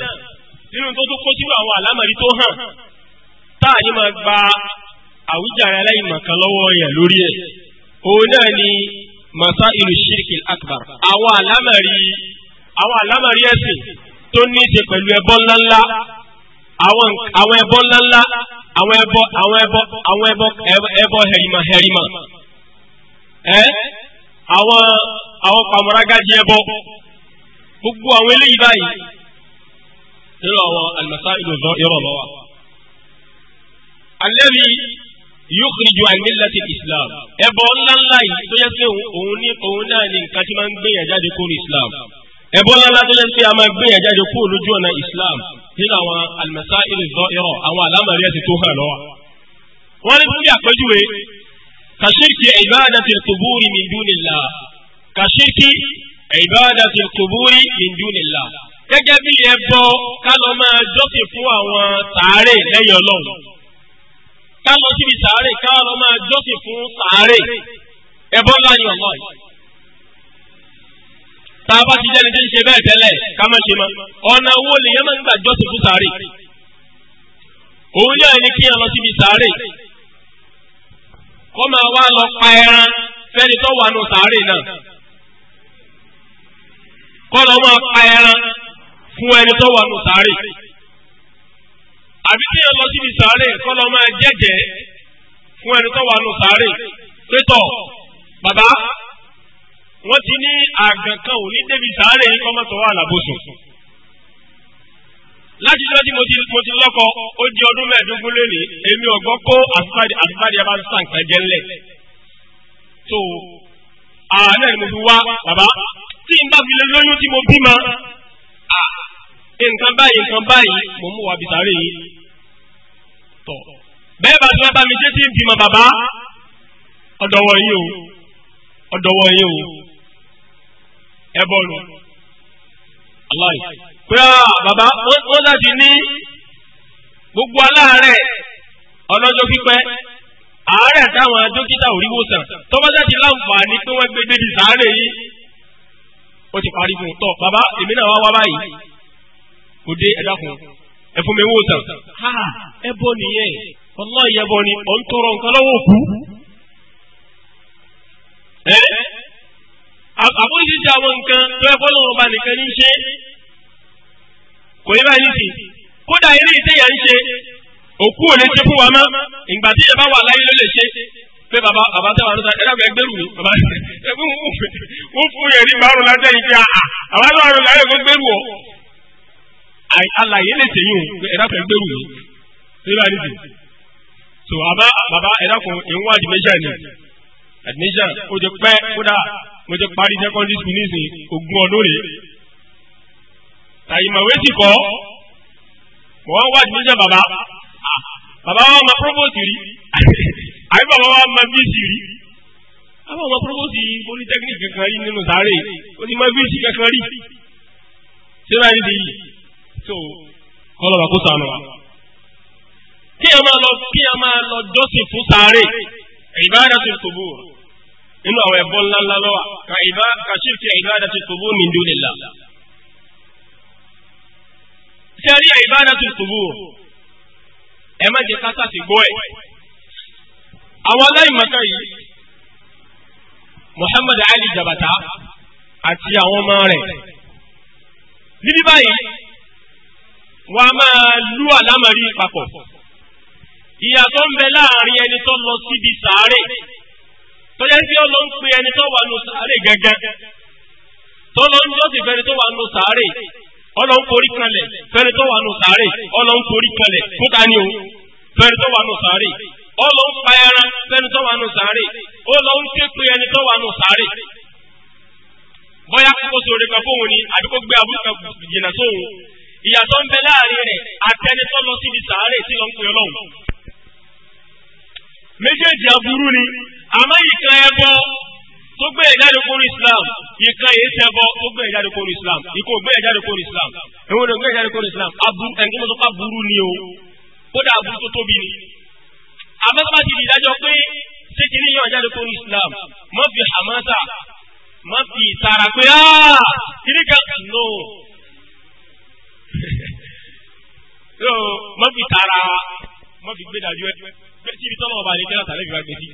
Speaker 1: nínú tó tó kó sínú àwọn alámàrí tó hàn táà ní máa gba àwùjáre aláìmọ̀kan lọ́wọ́ yẹn lórí ẹ̀ òun náà ni masa ilu shiriki akbar àwọn àlámọ̀rí àwọn àlámọ̀rí ẹ̀sìn tó ní í ṣe pẹ̀lú ẹbọ ńláńlá àwọn ẹbọ ńláńlá àwọn ẹbọ àwọn ẹbọ àwọn ẹbọ ẹbọ hẹrìmà hẹrìmà ẹ àwọn àwọn pàmòrágájì ẹbọ gbogbo àwọn eléyìí báyìí nínú àwọn ìlú alẹ́ mi yukhriju an millati islam ẹbọ ńláńlá yìí tó yẹ sí òun ní òun náà ní nǹkan tí máa ń gbé yàn jáde kúrò islam ẹbọ ńláńlá tó yẹ sí a máa gbé yàn kúrò lójú ọ̀nà islam nínú àwọn al-masail az-zahira àwọn àlámọ̀rí ẹ̀sìn tó hàn lọ́wọ́. wọ́n ní fún àpéjúwe kashirki ibadati al-quburi min dunillah kashirki ibadati al-quburi min dunillah gẹ́gẹ́ bí ẹbọ ká lọ máa jọ́sìn fún àwọn tàárẹ̀ lẹ́yìn ọlọ́run ká lọ síbi sàárè ká lọ máa jọ́sìn fún sàárè ẹbọ ńlá ni ọ̀nà yìí. tá a bá ti jẹ́ni tí ń ṣe bẹ́ẹ̀ tẹ́lẹ̀ ká má ṣe mọ́ ọ̀nà owó lèyẹn máa ń gbà jọ́sìn fún sàárè. òun yóò ní kí yẹn lọ síbi sàárè kó máa wá lọ pa ẹran fẹ́ni tó wà nù sàárè náà kó lọ máa pa ẹran fún ẹni tó wà nù sàárè àbí tí yẹn lọ síbi sàárè kọ́ lọ máa jẹ́jẹ́ fún ẹni tó wà nù sàárè pétọ̀ bàbá wọ́n ti ní àgàn kan ò ní débi sàárè yìí kọ́ mọ́tò wà lábòsùn. láti jọ́ tí mo ti lọ́kọ ó di ọdún mẹ́ẹ̀ẹ́dógún lónìí èmi ọ̀gbọ́ kó àtúbádì àtúbádì ẹ bá ń sàn kan jẹ́lẹ̀. tó àná mo fi wá bàbá tí n bá fi lè lóyún tí mo bímọ nǹkan báyìí nǹkan báyìí mo mú wa bisàárè yìí tọ̀ bẹ́ẹ̀ bá ti wá bá mi ṣe tí ń bímọ bàbá ọ̀dọ̀wọ̀ yìí o ọ̀dọ̀wọ̀ yìí o ẹ bọ̀ lọ. aláì pé ah, bàbá wọ́n láti ní gbogbo aláàárẹ̀ ọlọ́jọ́ pípẹ́ àárẹ̀ táwọn dókítà ò rí wòsàn tọ́mọ́sá ti láǹfààní pé wọ́n gbé débi sàárè yìí ó ti parí fún un tọ́ bàbá èmi náà wá wá báyìí kò dé ẹ̀dá fún ẹ̀fún mi wòsàn ẹbọ nìyẹn ọlọ́ ìyẹbọ ni ọ̀ ń tọrọ nǹkan lọ́wọ́ òkú. àbójútó àwọn nǹkan tó ẹ fọ́ lọ́wọ́ ọba nìkan ní í ṣe kò yẹ báyìí nìsín kódà eré ìtẹ̀yà ń ṣe òkú ò lè ṣe fún wa mọ́ ìgbà tí ìyẹn bá wà láyé ló lè ṣe pé baba baba tẹ wà ló ẹ dàgbà ẹgbẹ̀rún mi baba ẹ fún fún yẹn ní bàrún lásán yìí pé ah, ah, àà àwọn àlọ́ àrùn láyé kó gbẹ̀rù ọ àlàyé lè ṣèyí o ẹ dàgbà ẹgbẹ̀rún mi síbà nídìí so àbá bàbá ẹ̀dá kan ìwọ̀n admission ni admission ó ti pẹ́ kódà mo ti parí secondary school nísìn ogún ọdún rèé tàyìmọ̀wé ti kọ́ mo wá ń wá admission bàbá bàbá wa ma provost rí àbí bàbá wa ma bc rí àwọn ọmọ provost polytechnic kankan rí nínú sáré ó ti ma bc kankan rí síbà nídìí so kọ́ lọ́ba kó sànù wa kí ẹ máa lọ kí ẹ máa lọ jọ́sìn fún sáré ìbádàtú kubur nínú àwọn ẹ̀bọ́n ńláńlá lọ́wọ́ ka ìbá ka ṣírkì ìbádàtú kubur min dunillah. sẹ́rí ìbádàtú kubur ẹ má jẹ kásá sí gbọ́ ẹ̀. àwọn aláìmọ̀ká yìí Muhammad Ali Jabata àti àwọn ọmọ rẹ̀ níbí báyìí wọ́n a máa lú àlámọ̀rí papọ̀ ìyàtọ̀ ń bẹ láàrin ẹni tó lọ síbi sàárè tó yẹ kí ọlọ́ ń pe ẹni tó wà nù sàárè gẹ́gẹ́ tó lọ ń jọ́sìn fẹ́ni tó wà nù sàárè ọlọ́ ń forí kalẹ̀ fẹ́ni tó wà nù sàárè ọlọ́ ń forí kalẹ̀ fún ni o fẹ́ni tó wà nù sàárè ọlọ́ ń pa ẹran fẹ́ni tó wà nù sàárè ọlọ́ ń ké pe ẹni tó wà nù sàárè bóyá kókó sóore kan fóun ni àbí gbé àbúrò kan jìnnà sóun ìyàtọ̀ ń bẹ láàrin rẹ̀ àtẹnitọ́ lọ síbi sàárè tí lọ́ ọlọ́run méjèèjì aburú ni àmọ́ ìkan ẹbọ tó gbé ìjáde kóró islam ìkan èyí tẹ bọ tó gbé ìjáde kóró islam ìkó gbé ìjáde kóró islam èwo ló gbé ìjáde kóró islam aburú ẹnìkan tó ká burú ni o kódà aburú tó tóbi ni àmọ́ tó bá ti di ìdájọ́ pé ṣé kí ni yàn ìjáde kóró islam mọ́ fi hamasa mọ́ fi ìtara pé ah, kíní kan no mọ́ fi tara mọ́ fi gbé dájú ẹ síbi tọ́lọ̀ ọba àdékẹ́lá tàbí ìgbà gbèsè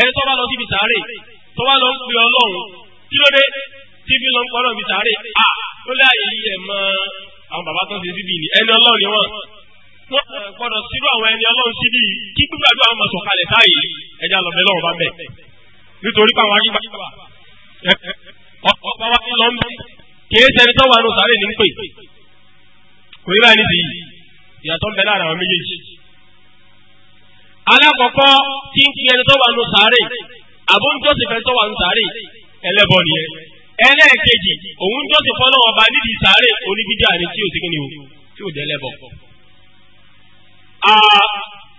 Speaker 1: ẹni tó bá lọ síbi sàárè tó bá lọ ń pe ọlọ́run kí ló dé tí fi lọ ń pọ́nà síbi sàárè à ó lé àyè yìí ẹ̀ mọ àwọn bàbá tó ń ṣe síbi ni ẹni ọlọ́run ni wọ́n wọ́n gbọ́dọ̀ sírú àwọn ẹni ọlọ́run síbi kí gbígbàdúrà àwọn máa sọ̀kalẹ̀ sáàyè ẹja lọ́bẹ̀ lọ́run bá bẹ̀
Speaker 2: nítorí pé àwọn agbègbè
Speaker 1: ọ̀pọ̀ wa lọ ń bẹ̀ kìí ṣẹni tó wà nù sàárè ní ń pè kò ní báyìí níbi ìyàtọ̀ ń bẹ láàrin àwọn méjèèjì alákọ̀ọ́kọ́ tí ń fi ẹni tó wà nù sáré àbó ń jọ́sìn fẹ́ tó wà nù sáré ẹlẹ́bọ nìyẹn ẹlẹ́ẹ̀kejì òun jọ́sìn fọ́nà ọba nídìí sáré oníbíjà ni tí ò sí kíni o tí ò dẹ́lẹ́bọ.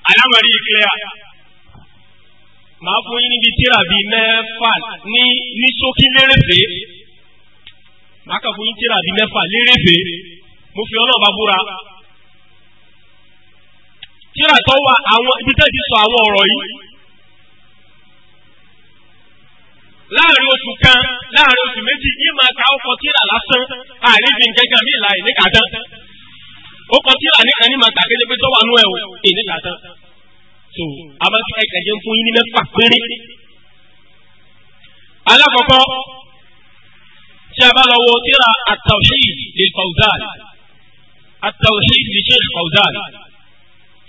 Speaker 1: alámọ̀rí ìkẹyà màá fún yín níbi tíra bíi mẹ́fà ní ní ṣókí lérèfé màá kà fún yín tíra bíi mẹ́fà lérèfé mo fi ọlọ́ọ̀bá búra tíra tó wà àwọn ibi tẹ́ ti sọ àwọn ọ̀rọ̀ yìí. láàrin oṣù kan láàrin oṣù méjì yìí máa ka ọkọ̀ tíra lásán àìríbi nǹkan mi ìlà ìníkàtán. ọkọ̀ tíra nìkan ní máa ta kéde pé tó wà nú ẹ̀ o ìníkàtán. so abájú ẹ̀kẹ́ jẹ́ fún yín ní mẹ́fà péré. alákọ̀ọ́kọ́
Speaker 2: tí a bá lọ wo tíra
Speaker 1: at-tawhid lil Fawzan at-tawhid li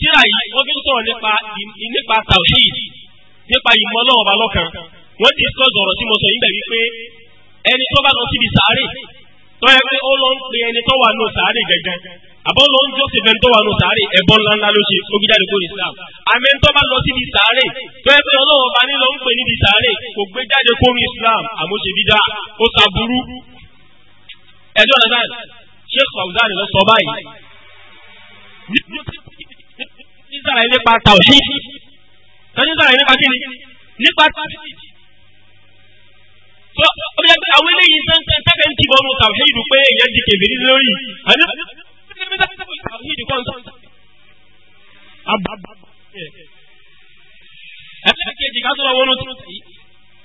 Speaker 1: tíra yìí wọ́n fi ń sọ̀rọ̀ nípa nípa tawhid nípa ìmọ̀ náà ọba lọ́kan wọ́n discuss ọ̀rọ̀ tí mo sọ yín bẹ̀ wípé ẹni tó bá lọ síbi sàárè tó yẹ pé ó lọ ń pe ẹni tó wà nù sàárè gẹ́gẹ́ àbọ̀ ló ń jọ́sìn fẹ́ tó wà nù sàárè ẹ̀bọ ńlá ńlá ló ṣe ogidá ní kóni Islam àmì tó bá lọ síbi sàárè tó yẹ pé ọlọ́wọ́ bá ní lọ ń pè níbi sàárè kò gbé jáde kóni Islam àmúṣe dídá ó sa burú ẹjọ́ nàdá Sheikh Fawzan lọ sọ báyìí sàlàyé nípa tàwí tọ́jú sàlàyé nípa kíni nípa tàwí. sọ ọbẹ̀ yẹn pé àwọn eléyìí sẹ́ńtẹ́ sẹ́ńtẹ́ ń kìbọn nu tàwí ìlú pé èèyàn di kèbèrè lórí àní tàwí ìlú kan sọ. ẹlẹ́kẹ̀jì ká tó lọ wọnú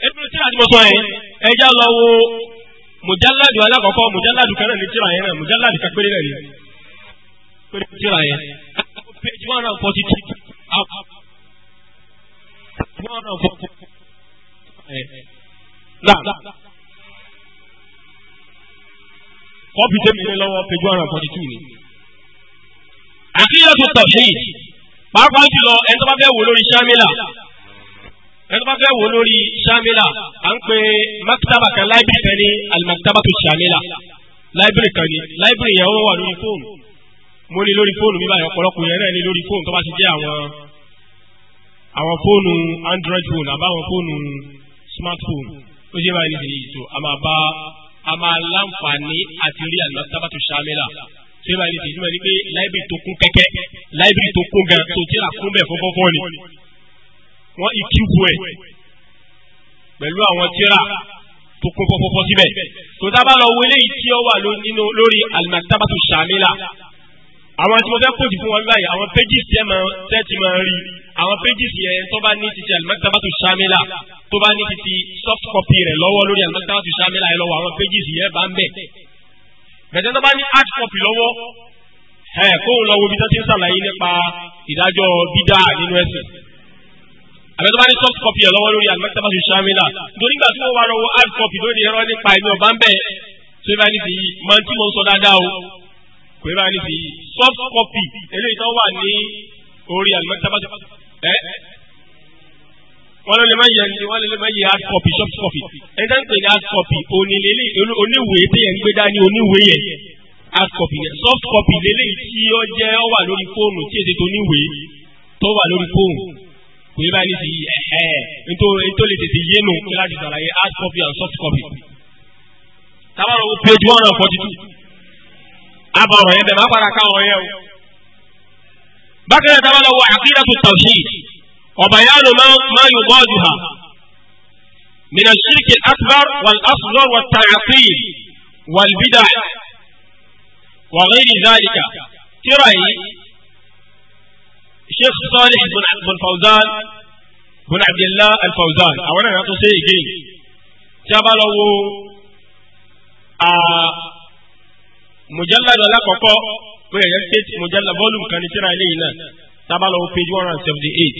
Speaker 1: ẹgbẹ́ tí àti mọ̀sán yẹn ẹja lọ wo mujalladu alákọ̀ọ́kọ́ mujalladu kan náà ní tíra yẹn náà mujalladu kan péré náà ní yẹn page one hundred forty two one hundred forty two. kọ́pì tẹ́mi lé lọ́wọ́ page one hundred forty two ni. àkíyèsí tawhid pàápàá jùlọ ẹni tó bá fẹ́ wò lórí shamila ẹni tó bá fẹ́ wò lórí shamila à ń pè maktaba kan láìbírì kan ní alimaktaba tó shamila láìbírì kan ní láìbírì yẹn ó wà lórí fóònù mo lè lórí fóònù mi báyìí ọ̀pọ̀lọpọ̀ yẹn náà lè lórí fóònù tó bá ti jẹ́ àwọn àwọn fóònù android phone àbáwọn fóònù smartphone ó jẹ́ báyìí níbi ètò a máa bá a máa láǹfààní àti rí àlùmọ́tàbàtò ṣàmìlà tó yẹ báyìí níbi ètò ní pé láìbírì tó kún kẹ́kẹ́ láìbírì tó kún gan tó tí ra kún bẹ́ẹ̀ fọ́fọ́fọ́ ni wọ́n ìkíbu ẹ̀ pẹ̀lú àwọn tíra tó kún fọ́fọ́fọ́ síbẹ̀ tó dábàá lọ wọlé yìí tí wà nínú lórí àlùmọ́tàbàtò ṣàmìlà àwọn tí mo fẹ́ kóòtù fún wọn báyìí àwọn pages yẹn máa tẹ́ ti máa rí àwọn pages yẹn tó bá ní titi alimaktabatu shamila tó bá ní titi soft copy rẹ̀ lọ́wọ́ lórí tu shamila yẹn lọ́wọ́ àwọn pages yẹn bá ń bẹ̀. bẹ̀tẹ̀ tó bá ní hard copy lọ́wọ́ ẹ̀ kóun lọ wo ibi tó ń sàlàyé nípa ìdájọ́ bídà nínú ẹ̀sìn. àbẹ̀tẹ̀ tó bá ní soft copy yẹn lọ́wọ́ lórí tu shamila nítorí gbà tí wọ́n wá lọ́wọ́ hard copy lórí ẹ̀rọ nípa ẹ̀mí ọ̀ pèrà ni ti soft copy eléyìí tó wà ní orí alimọ́tàbàtà ẹ́ wọ́n lè má yẹ wọ́n lè má yẹ hard copy soft copy ẹ̀ tẹ́ ń pè ní hard copy onílélẹ́ oníwèé tẹ́yẹ̀ ń gbé dání oníwèé yẹn hard copy yẹn soft copy lélẹ́yìí tí ó jẹ́ ó wà lórí fóònù tí èsì tó níwèé tó wà lórí fóònù kò yẹ báyìí ti ẹ ẹ nítorí nítorí tètè yé nu kí láti sàlàyé hard copy and soft copy. táwọn ọ̀rọ̀ page one hundred forty two àbá ọ̀rọ̀ yẹn bẹ̀ má padà ká ọ̀rọ̀ yẹn o. bákan náà tábà lọ wọ àkídàtú tawhid ọ̀bàyánu máa yọ bọ́ọ̀dù ha min ash-shirk al-akbar wal-asghar wat-ta'til wal-bid'ah wa ghayri dhalika tíra yìí sheikh salih bin fawzan bin abdullah al-fawzan àwọn náà yàtọ̀ sí ìgbéyìí tí a bá lọ wo. Ah, mujalladu alakọ̀kọ́ pé ẹ̀yẹ state Mujalla volume kan ní tíra eléyìí náà page one hundred seventy eight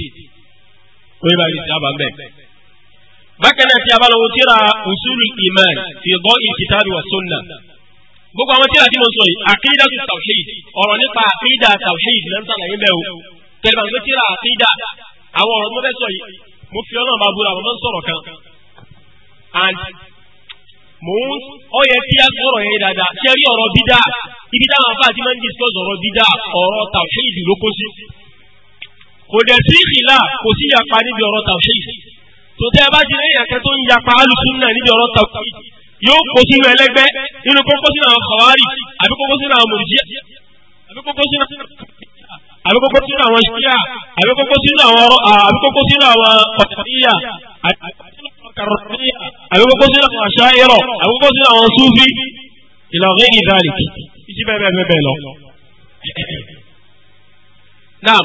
Speaker 1: oye bá yìí ti àbá mbẹ. bákan náà ti àbálọ̀ wo tíra usulul iman fi gbọ́ ìkìtàbí wa sunna. gbogbo àwọn tíra tí mo sọ yìí àkídà tu tawhid ọ̀rọ̀ nípa àkídà tawhid náà ń sàlàyé bẹ́ẹ̀ o. kẹlẹ́ bá ń gbé tíra àkídà àwọn ọ̀rọ̀ tó bẹ́ mo fi ọlọ́run bá búra àwọn ọmọ kan. and mò ń ọ yẹ kí a sọ̀rọ̀ yẹn dáadáa ṣe rí ọ̀rọ̀ bídà ibi táwọn afá àti máa ń discuss ọ̀rọ̀ bídà ọ̀rọ̀ tàwíṣẹ́yìdì ló kó sí. kò dẹ̀ sí ìlà kò sí yapa níbi ọ̀rọ̀ tàwíṣẹ́yìdì tó tẹ́ ẹ bá ti lẹ́yìn akẹ́ tó ń yapa alùsùn náà níbi ọ̀rọ̀ tàwíṣẹ́yìdì yóò kó sínú ẹlẹ́gbẹ́ nínú kókó sínú àwọn kọ̀wárì àbí kókó sínú àwọn mòrìjíà àbí kókó sínú àbí kókó sínú àwọn ṣíà àbí kókó sínú àwọn ọ̀rọ̀ àbí kókó sínú kàrọ̀tìyà àbíkókó sínú àwọn àṣà ìrọ̀ àbíkókó sínú àwọn súfì ìlànà ìrìn ìdálẹ̀ títí bẹ́ẹ̀ bẹ́ẹ̀ bẹ́ẹ̀ lọ. نعم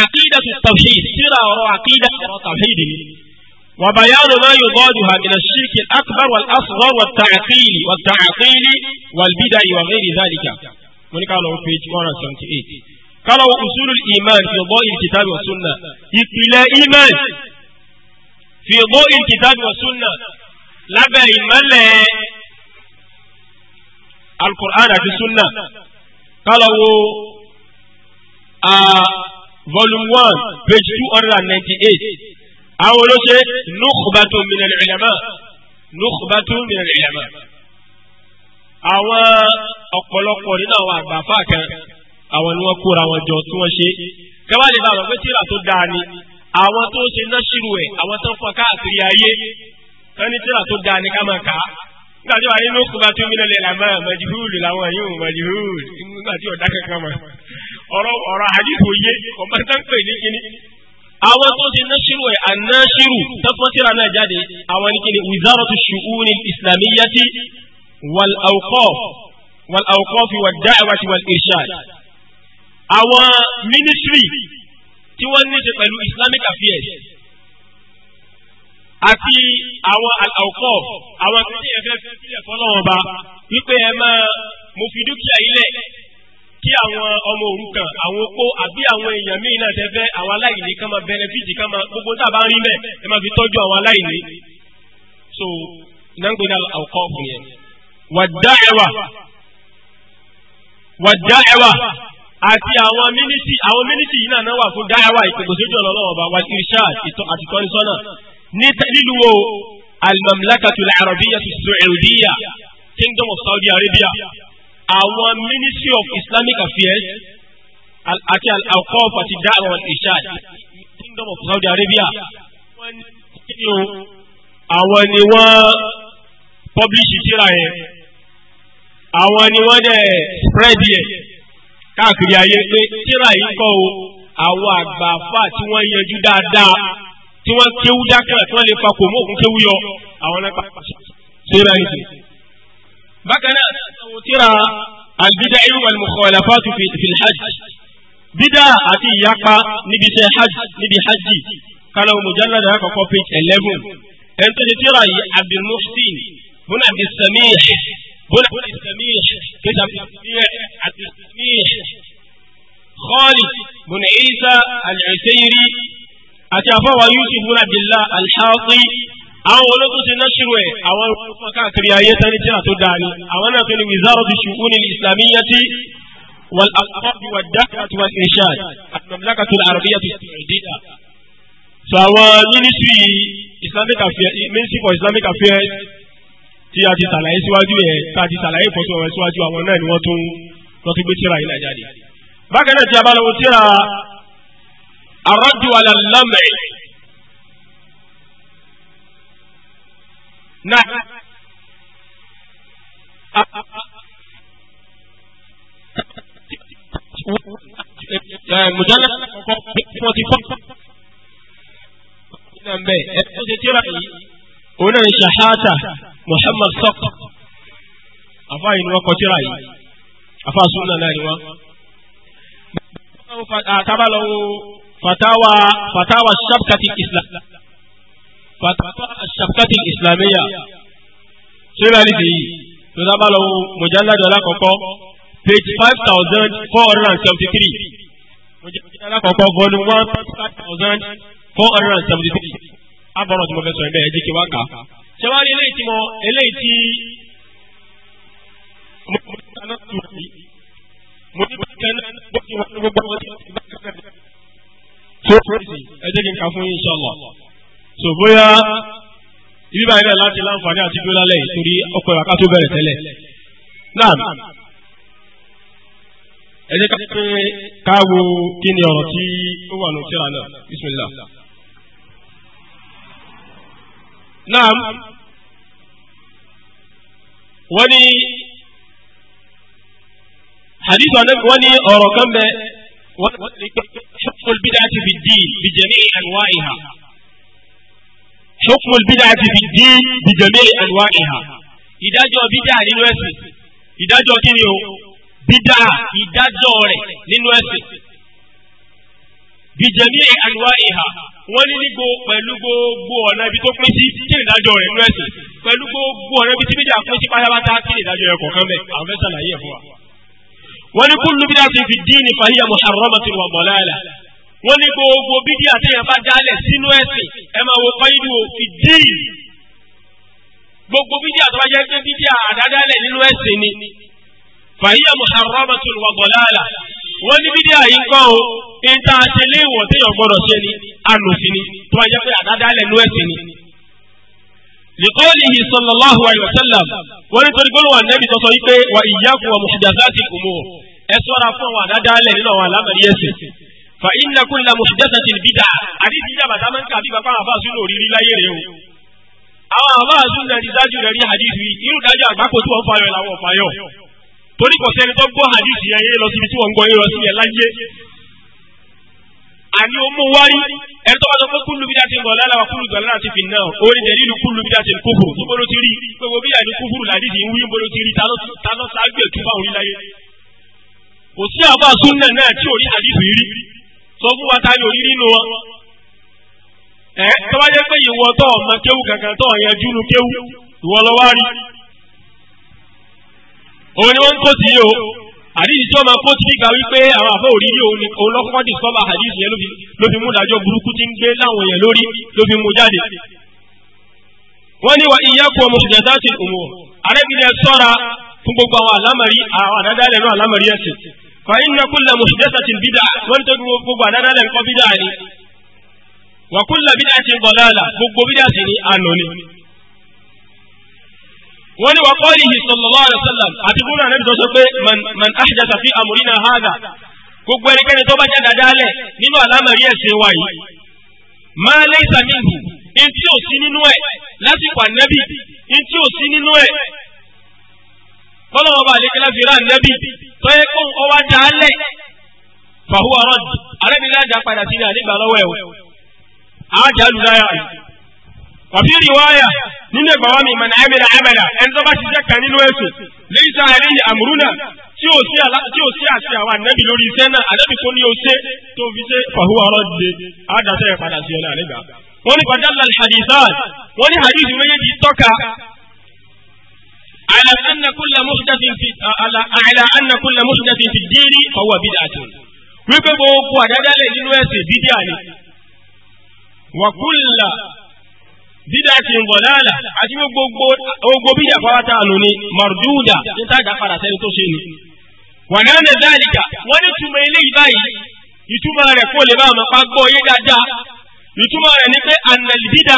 Speaker 1: عقيدة التوحيد سيرة عقيدة التوحيد وبيان ما يضادها من الشرك الأكبر والأصغر والتعطيل والتعطيل والبدع وغير ذلك من قالوا في 178 قالوا أصول الإيمان في ضوء الكتاب والسنة إقلاء إيمان fi dóòlì kìtàbí wa sunna lábẹ́ ìmọ̀lẹ̀ alukur'an àti sunna kálọ̀ wo volume one page two hundred and ninety-eight àwọn olóṣè nukhbatun minal ulama nukhbatun minal ulama àwọn ọ̀pọ̀lọpọ̀ nínú àwọn àgbàfà kan àwọn ni wọ́n kóra wọn jọ tí wọ́n ṣe kẹ́wàá lè bá àwọn pé tíra tó dáa ni àwọn tó ṣe náṣírù ẹ̀ àwọn tó ń fọn káàkiri ayé wọ́n ní tíra tó dáa ní ká máa kà á nígbà tí wà nínú kúba tó mílẹ̀ lẹ́la máa mọ̀jìhúùlù làwọn yìí mọ̀jìhúùlù nígbà tí ọ̀dà kankan mọ̀ ọ̀rọ̀ ọ̀rọ̀ àdìgbò yé ọ̀bá tó ń pè ní kíní. àwọn tó ṣe náṣírù ẹ̀ ànáṣírù tọ́fọ́ tíra náà jáde àwọn ní kíní wizaratu shu'uni islamiyati wal awqaf wal awqaf wad da'wati wal irshad àwọn ministry tí wọ́n ní ṣe pẹ̀lú Islamic affairs àti àwọn àkọ́kọ́ àwọn tí ẹ fẹ́ sílẹ̀ fọlọ́wọ́n ba wípé ẹ máa mo fi dúkìá ilẹ̀ kí àwọn ọmọ òrukàn àwọn opó àbí àwọn èèyàn míì náà tẹ́fẹ́ àwọn aláìní ká máa bẹnẹfíìtì ká máa gbogbo tá a bá rí bẹ́ẹ̀ máa fi tọ́jú àwọn aláìní. so nangbeni àkọ́kọ́ fún yẹn wàdá ẹwà wàdá ẹwà àti àwọn mínísì àwọn mínísì yìí náà wà fún dáyàwá ìpèkòsójú ọ̀nà ọlọ́wọ́ bá wá sí iṣẹ́ àti tọ́nisọ́nà ní nílùú o al-mamlakatu al-arabiyyatu as-saudiya kingdom of saudi arabia àwọn ministry of islamic affairs àti al-awqaf àti da'wa al-irshad kingdom of saudi arabia àwọn ni wọ́n publish tírà yẹn àwọn ni wọ́n dẹ̀ spread yẹn káàkiri ayé pé tíra yìí kọ́ o àwọn àgbà àfà tí wọ́n yanjú dáadáa tí wọ́n kéwú dákẹ́ tí wọ́n lè fa kò mú òkun kéwú yọ àwọn náà pàṣẹ tíra yìí sè. bákan náà sọ̀rọ̀ tíra àlùbídà irú wal mukhalafatu fil hajj àti ìyapa níbi iṣẹ́ hajj níbi hajj kálọ̀ mujallad àkọ́kọ́ page eleven ẹni tíra yìí Abdul Muhsin bun بلع السميح كتب التسميح خالد بن عيسى العسيري أتافا ويوسف بن عبد الله الحاطي àwọn ológun ti náṣírò ẹ àwọn olùkọ́ káàkiri ayé tání tí a tó dáa ni àwọn náà tó ní wizaratu shu'uni al-islamiyyati wal aqtab wa da'wati wal irshad al-mamlakatu al-arabiyyatu as-saudiyya. sọ àwọn mínísírì islamic affairs ministry for islamic affairs tí a ti ṣàlàyé síwájú yẹn tá a ti ṣàlàyé ìfọ̀sọ̀rọ̀ síwájú àwọn náà ni wọ́n tún wọ́n tún gbé tíra yìí náà jáde. bákan náà tí a bá lọ wo tíra arọ́jú alalámẹ̀ náà. Eh, mujalla kọ̀ọ̀kan forty four. ẹ̀ ẹ́ tó ṣe tíra yìí òun náà ni shahata muhammad sọk afa yìí ni wọn kọtíra yìí afa sunna náà ni wọn. tábàlọ́ wo fatawa fatawa shabkati islam fatawa shabkati islamiya sórí àlejò yìí tó tábàlọ́ wo mujalladu alákọ̀ọ́kọ́ page five thousand four hundred and seventy three mujalladu alákọ̀ọ́kọ́ volume one five thousand four hundred and seventy three abọ́rọ̀ tí mo fẹ́ sọ ẹ̀ bẹ́ẹ̀ jí kí wá kà á. ṣé wàá rí eléyìí tí mo eléyìí tí mo ti kaná tù mí mo ti kaná bó ti wọn gbogbo wọn ti bá kaná rẹ. so crazy ẹ jẹ́ kí n kà fún yín inshallah. so bóyá ibi báyìí bẹ́ẹ̀ láti láǹfààní àti dúró lálẹ́ yìí torí ọkọ̀ ìwà ká tó bẹ̀rẹ̀ tẹ́lẹ̀. náà ẹ jẹ́ ká pé ká wo kí ni ọ̀rọ̀ tí ó wà nù tíra náà bismillah náà wọ́n ní hadith wọ́n ní ọ̀rọ̀ kan bẹ wọ́n ní hukm al-bid'ati fi ad-din bi jami' anwa'iha hukm al-bid'ati fi ad-din bi jami' anwa'iha ìdájọ́ bídà nínú ẹ̀sìn ìdájọ́ kí o bídà ìdájọ́ rẹ̀ nínú ẹ̀sìn bi jami' anwa'iha wọ́n ní ní pẹ̀lú gbogbo ọ̀nà ibi tó pín sí kí ìdájọ́ rẹ̀ nú ẹ̀sìn pẹ̀lú gbogbo ọ̀nà ibi tí méjà pín sí pátápátá kí ìdájọ́ rẹ̀ kọ̀ọ̀kan bẹ̀ àwọn fẹ́ sàlàyé ẹ̀ fún wa. wọ́n ní kúlù bídà ti fi dín ní fàyà muharramatin wa dalala wọ́n ní gbogbo bídí àtẹ̀yàn bá jálẹ̀ sínú ẹ̀sìn ẹ máa wo kọ́yìnú fi dín gbogbo bídí àtọ́jẹ́ pé bídí àdádálẹ̀ nínú ẹ̀sìn ni fàyà muharramatin wa dalala wọ́n ní bídí àyínkọ́ o níta àtẹlé ìwọ̀ téèyàn gbọ́dọ̀ ṣe ni ànùsí ni tó bá jẹ́ pé àdádálẹ̀ ló ẹ̀sìn ni. لقوله صلى الله عليه وسلم ولتقول قولوا النبي صلى الله عليه وسلم وإياكم ومحدثات الأمور أسورة فوا ندا لنا ولا مريس فإن كل محدثة بدعة أدي بدعة ما دام كابي بقى ما فاسون أوري لا يريو أو ما فاسون الذي زاجو الذي حديث يو دجا ما كنت وفايو لا وفايو torí kò sẹ́ni tó gbọ́ hadith yẹn yé lọ síbi tí wọ́n ń gbọ́ yé lọ síbi ẹ̀ láyé àní ó mú wárí ẹni tó bá sọ pé kúlù bídà ti ń bọ̀ lálẹ́ wa kúlù gbọ̀lá láti fi náà ó ní dẹ̀lílù kúlù bídà ti ń kúfùrù níbo ló ti rí gbogbo bídà ní kúfùrù làdí ti ń wí níbo ló ti rí tánà sáájú ẹ̀túbà oríláyé kò sí àbá súnà náà tí òrí àdìsù yìí rí sọ fún wa táyọ̀ rí nínú wọn. ẹ tó bá jẹ́ pé ìwọ tó ọmọ kéwù kankan tó ọ̀yàn júnu kéwù ìwọ lọ rí òun ni wọ́n ń kó àdìsí tí wọ́n máa kó ti gbà wípé àwọn àfọ òrírí òun lọ́kọ́ dìsọ́bà àdìsí yẹn ló fi mú ìdájọ́ burúkú ti ń gbé láwọn èèyàn lórí ló fi mú jáde. wọ́n ní wa iyyakum wa muhdathatil umur arábìnrin ẹ sọ́ra fún gbogbo àwọn àlámàrí àwọn àdádálẹ̀ náà àlámàrí ẹ̀sìn. fa inna kulla muhdathatin bid'ah wọ́n tó gbogbo àdádálẹ̀ nǹkan bídà ni. wa bídà sì ni wọ́n ní wàá kọ́lì yìí sallallahu alaihi wasallam àti fún ànábì tó sọ pé man ahdatha fi amrina hadha gbogbo ẹnikẹ́ni tó bá jẹ́ dáadáalẹ̀ nínú àlámọ̀rí ẹ̀sìn wa yìí máa laysa minhu ntí ò sí nínú ẹ̀ lásìkò ànábì ntí ò sí nínú ẹ̀ kọ́lọ́wọ́ bá láti rà ànábì tó yẹ kó ọwá dáálẹ̀ fahuwa radd àrẹ́bìnrin àjà padà sí ní lọ́wọ́ ẹ̀ wàbí رواية nínú ẹgbàá من عمل ẹ̀mẹ̀rẹ̀ ẹ̀mẹ̀rẹ̀ ẹni tó bá ṣiṣẹ́ kan nínú ẹ̀sìn lẹ́yìn tí a rí ní àmúrúnà tí ò sí àṣẹ àwọn ànábì lórí iṣẹ́ náà ànábì tó ní o ṣe tó fi ṣe fàhùwà ọ̀rọ̀ dìde àádásẹ́ sí ọ̀nà àlẹ́gbà. wọ́n ní fàdálà hadithan wọ́n ní hadith méjèèjì tọ́ka على أن كل محدث في على على أن كل محدث في الدين فهو بدعة. ويبقى بوكو هذا دليل إنه بيدعني. وكل dídáàtì ń bọ̀ láàlà àti gbogbo bí ìyàpáwátà nù ni mardúdà ní tájà padà sẹ́ni tó ṣe ni. wà ní ọ̀nà dáàlìkà wọ́n ní túmọ̀ eléyìí báyìí ìtumọ̀ rẹ̀ kó lè bá àwọn apá gbọ́ yé dáadáa ìtumọ̀ rẹ̀ ni pé ànàlìbídà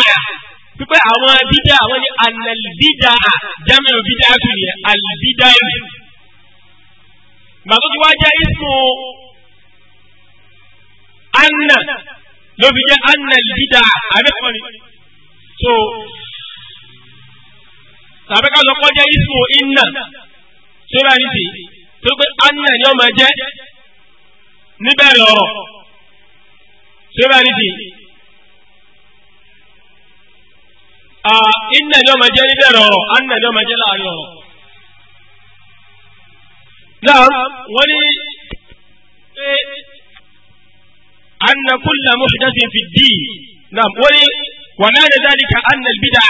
Speaker 1: pípẹ́ àwọn bídà àwọn ní ànàlìbídà jámẹ́rù bídà tù ní àlìbídà rẹ̀. gbàtó wá jẹ́ ismu anna ló jẹ́ ànàlìbídà àbẹ́kọ̀ọ́ so tàbí ká sọ pé jẹ́ ismu inna ṣé bá yìí sì tó pé anna ni ó máa jẹ́ níbẹ̀rẹ̀ ọ̀rọ̀ ṣé bá yìí sì inna ni ó máa jẹ́ níbẹ̀rẹ̀ ọ̀rọ̀ anna ni ó máa jẹ́ láàrin ọ̀rọ̀. náà wọ́n ní pé anna kulla muhdathin fi d-din náà wọ́n ní. ومعنى ذلك أن البدع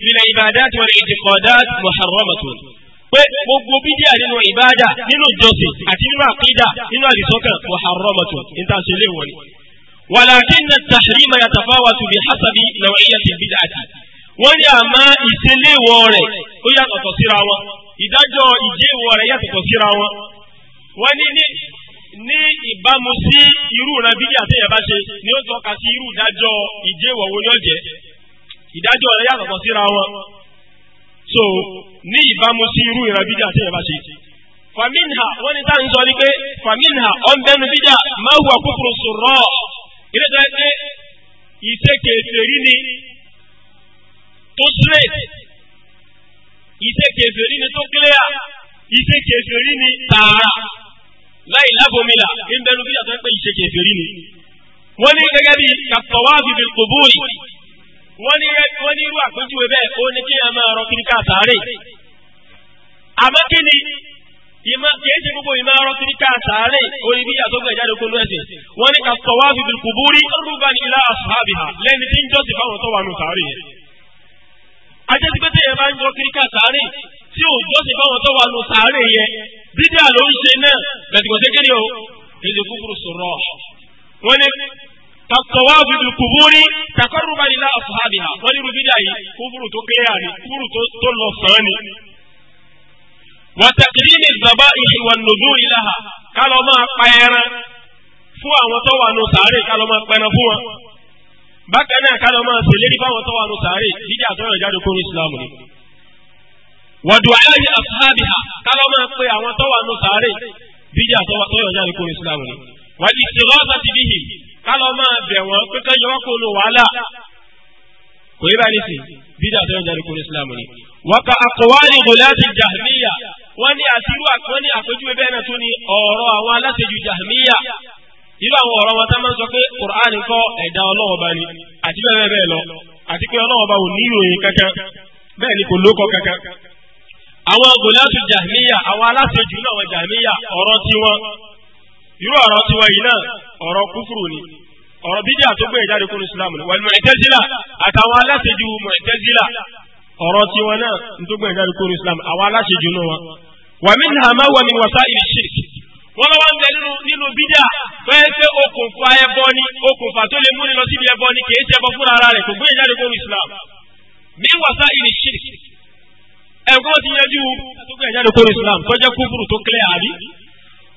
Speaker 1: في العبادات والاعتقادات محرمة pé gbogbo bídíà nínú ìbáàdà nínú ìjọsìn àti nínú àkídà nínú àdìsọ́kàn muharramatu nítaṣe lè wọ̀nyí. walakinna at-tahrima yatafawatu bihasabi naw'iyyati al-bid'ati. wọ́n ní àmọ́ ìṣeléwọ̀ rẹ̀ ó yàtọ̀tọ̀ síra wọn ìdájọ́ ìjẹ́wọ̀ rẹ̀ yàtọ̀tọ̀ síra wọn. wọ́n ní ní ní ìbámu sí irú ìran bídí àti ìyẹn ṣe ni ó tọ́ka sí irú ìdájọ́ ìjẹ́wọ̀ wo yóò jẹ́ ìdájọ́ rẹ̀ yàtọ̀tọ̀ síra wọn so ní ìbámu sí irú ìran bídí àti ìyẹn bá ṣe. faminha wọ́n ní táwọn sọ ni pé faminha ọ̀nbẹ́nu bídà máa wà kúkúrú sọ̀rọ̀ ilé tó yẹ pé ìṣe kèfèrí ni tó straight ìṣe kèfèrí ni tó clear ìṣe kèfèrí ni tààrà láì lábòmílà ń bẹnu bídà tó ń pè ìṣe kèfèrí ni. wọ́n ní gẹ́gẹ́ bí kàtọ́wáàbù bil quburi wọ́n ní irú àpéjúwe bẹ́ẹ̀ ó ní kí a máa rọ kiri káàtàárè. àmọ́ kí ni kìí gbogbo ìmọ̀ ọ̀rọ̀ kiri káàtàárè orí bídà tó gbẹ̀ jáde kólú ẹ̀sìn. wọ́n ní kàtọ́wáàbù bil quburi rúbàn ila ashabiha lẹ́ni tí tí ò jọ́sìn fáwọn tó wà lù sàárè yẹ bídíà ló ń ṣe náà bẹ̀tùkọ̀tẹ́ kéde o kéde kúkúrú sọ̀rọ̀ wọn ni kàtọ́wá bìbí kùbúrí takọ́rùbá ilá ọ̀sọ̀hábì ha wọn ni rúbídà yìí kúkúrú tó kéyà ni kúkúrú tó lọ sàn ni. wàtàkìrí ni bàbá ìṣùwà nùdú ilá ha kálọ̀ máa pa ẹran fún àwọn tó wà lù sàárè kálọ̀ máa pa fún wọn. bákan náà kálọ̀ máa ṣèlérí fáwọn tó wà lù sàárè bídíà tó wọ̀dù ayáyé asábìhà kálọ́ máa pe àwọn tó wà nù sàárè bíjà tọ́yọ̀ jáde kúrò ìsìlámù ni wàlí ìṣèlọ́sà ti bíhì kálọ́ máa bẹ̀ wọ́n pé ká yọwọ́ kó nu wàhálà kò yí báyìí sí bíjà tọ́yọ̀ jáde kúrò ìsìlámù ni. wọ́kà àkọwárì gòláàtì jahmiya wọ́n ní àtìrú àkọ́ni àpéjúwe bẹ́ẹ̀ náà tún ní ọ̀rọ̀ àwọn aláṣejù jahmiya irú àwọn ọ̀rọ̀ wọn tá máa ń sọ pé Qur'an kọ́ ẹ̀dá ọlọ́wọ́ bá ní àti bẹ́ẹ̀ bẹ́ẹ̀ lọ àti pé ọlọ́wọ́ bá ò ní ìròyìn kankan bẹ́ẹ̀ ni kò lókọ kankan àwọn gòláàtù jahmiya àwọn aláṣejù náà wọn jahmiya ọ̀rọ̀ tiwọn irú ọ̀rọ̀ tiwọn yìí náà ọ̀rọ̀ kúfùrù ni ọ̀rọ̀ bídí àtúgbò ìjáde kúrò islam ni àtàwọn ọ̀rọ̀ tiwọn náà ntúgbò ìjáde kúrò islam àwọn aláṣejù náà wọn. wa wọn lọ bẹ nínú nínú bídíà okùnfà ẹbọ ni okùnfà tó lè múni lọ síbi ẹbọ ni kì í ṣẹbọ fúnra rẹ̀ kò gbé ìjáde ẹ̀kọ́ ti yanjú àtúgbò ẹ̀já ló kórè Islam tó jẹ́ kúfùrù tó kílẹ̀ àbí.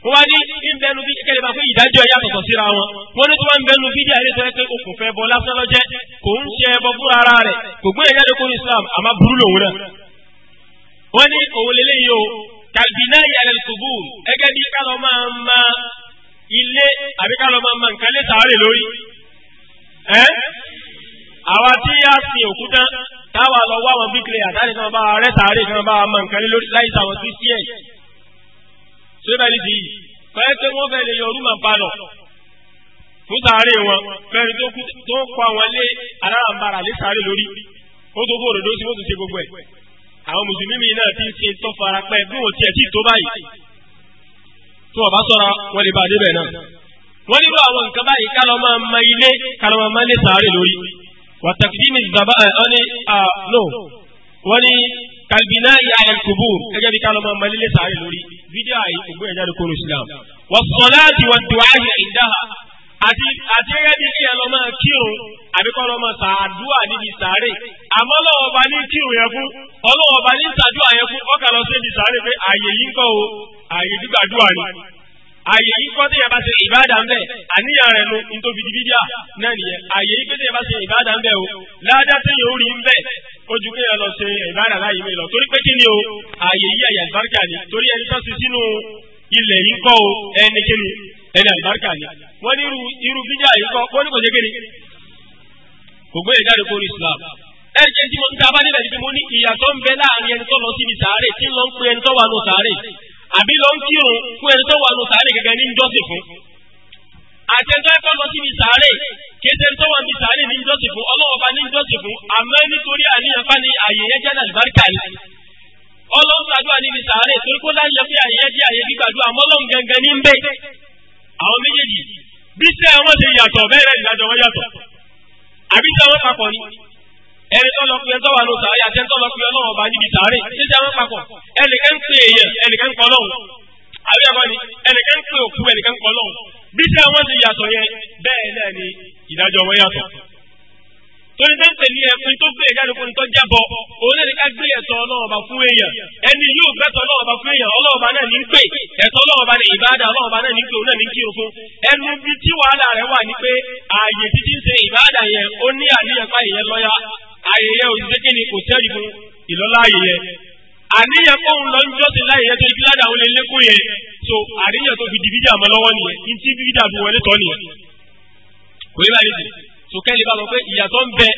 Speaker 1: wọ́n wá ní ìbẹnu bí kẹ́lẹ́ máa fẹ́ ìdájọ́ ẹ̀yà tọ̀tọ̀ síra wọn wọ́n ní tó bá ń bẹnu fídíà yìí tó yẹ pé okùn fẹ́ bọ lásán lọ́jẹ́ kò ń ṣe ẹbọ fúnra ara rẹ̀ kò gbé ẹ̀já ló kórè Islam àmá burú lòun náà. wọ́n ní òun lélẹ́yìí o kàlbínà yàrá ìṣubú àwa tí a sin òkú tán táwa lọ wá àwọn bíkìlẹ àtàlẹ kan bá wa rẹ sàárè kan bá wa mọ nǹkan lé lórí láì sàwọn kristian ṣé bẹ́ẹ̀ ni ti yìí pẹ́ẹ́ pé wọ́n fẹ́ẹ́ lè yọ rúmà palọ̀ fún sàárè wọn fẹ́ẹ́ni tó kọ àwọn lé alárànbarà lé sàárè lórí ó tó kó òdòdó sí wọ́n tún ṣe gbogbo ẹ̀ àwọn mùsùlùmí náà ti ń ṣe tó fara pẹ́ bí wọ́n tiẹ̀ tí tó báyìí tó ọba wàtàkìdìmì zaba ọni no wọ́n ní kalbina yàrá kubur gẹ́gẹ́ bí kálọ́ máa malilé sáré lórí fídíò àyè ògbó ẹ̀dá ló kóró islam wà sọláàtì wà dùn àyè ìdáhà àti àti gẹ́gẹ́ bí kí ẹ lọ máa kírun àbí kọ́ lọ máa sàdúà níbi sáré àmọ́ lọ́wọ́ bá ní kírun yẹn fún ọlọ́wọ́ bá ní sàdúà yẹn fún ọkà lọ sí ibi sáré pé àyè yìí ń kọ́ o àyè gbígbàdúà ni àyè yìí kọ́ téèyàn bá ṣe ìbáàdà ń bẹ̀ àníyàn rẹ̀ nu nítorí bíbíà náà nìyẹn àyè yìí pé téèyàn bá ṣe ìbáàdà ń bẹ̀ o ládá téèyàn ó rí ń bẹ̀ ó ju kéèyàn lọ ṣe ìbáàdà láyé mi lọ torí pé kí ni o àyè yìí àyè àlùbáríkà ni torí ẹni tó ṣe sínú ilẹ̀ yìí kọ́ o ẹni kí ni ẹni àlùbáríkà ni wọ́n ní irú bíbíà yìí kọ́ wọ́n ní kò ṣe kí ni kò gbé ìdáre kórè Islam ẹ̀ẹ́dẹ́gbẹ̀ẹ́ tí mo ń ta bá nílẹ̀ yìí mo ní ìyàtọ̀ ń bẹ láàrin ẹni tó lọ síbi sàárè tí ń lọ ń pe ẹni tó wà lọ sàárè àbí lọ ń kírun fún ẹni tó wà nù sàárè gẹ́gẹ́ ní jọ́sìn fún àtẹ̀tọ́ ẹ̀kọ́ lọ síbi sàárè kéde tó wà níbi sàárè ní jọ́sìn fún ọlọ́wọ́ bá ní jọ́sìn fún àmọ́ nítorí àníyàn bá ní àyè yẹn jẹ́ àlùbáríkà ni ọlọ́run gbàdúrà níbi sàárè torí kó láyé pé àyè yẹn jẹ́ àyè gbígbàdúrà mọ́lọ́run gangan ní ń bẹ àwọn méjèèjì bí sẹ́ wọn ṣe yàtọ̀ bẹ́ẹ̀ ìdájọ́ wọn yàtọ̀ àbí sẹ́ wọn papọ̀ ni ẹni tó lọ pé ẹni tó wà ló sàárè àti ẹni tó lọ pé ọlọ́run ọba níbi sàárè ṣíṣe àwọn papọ̀ ẹnìkan ń pè èèyàn ẹnìkan ń pọ̀ lọ́hùn àbí ẹ̀kọ́ ni ẹnìkan ń pè òkú ẹnìkan ń pọ̀ lọ́hùn bí sẹ́ wọ́n ti yàtọ̀ yẹn bẹ́ẹ̀ náà ni ìdájọ́ wọn yàtọ̀ torí tẹ́ ń pè ní ẹ̀fin tó gbé ìjáde fún tó jábọ̀ òun náà ní ká gbé ẹ̀tọ́ ọlọ́ọ̀ba fún èèyàn ẹni yóò gbẹ́tọ̀ ọlọ́ọ̀ba fún èèyàn ọlọ́ọ̀ba náà ní pè ẹ̀tọ́ ọlọ́ọ̀ba ní ìbáàdà ọlọ́ọ̀ba náà ní pè òun náà ní kírun fún ẹnu bí tí wàhálà rẹ̀ wà ní pé ààyè títí ń ṣe ìbáàdà yẹn ó ní àníyàn pa èèyàn lọ́yà ààyè yẹn ò ṣe kíni kò sẹ́rì fún ìlọ́lá ààyè yẹn àníyàn kó ń lọ ń jọ́sìn láàyè yẹn tó ibi ládàá àwọn eléko yẹn so àníyàn tó fi di bídà mọ́ lọ́wọ́ nìyẹn ní tí bídà fi wọlé tọ́ nìyẹn kò yẹ báyìí sí so kẹ́lí bá lọ pé ìyàtọ̀ ń bẹ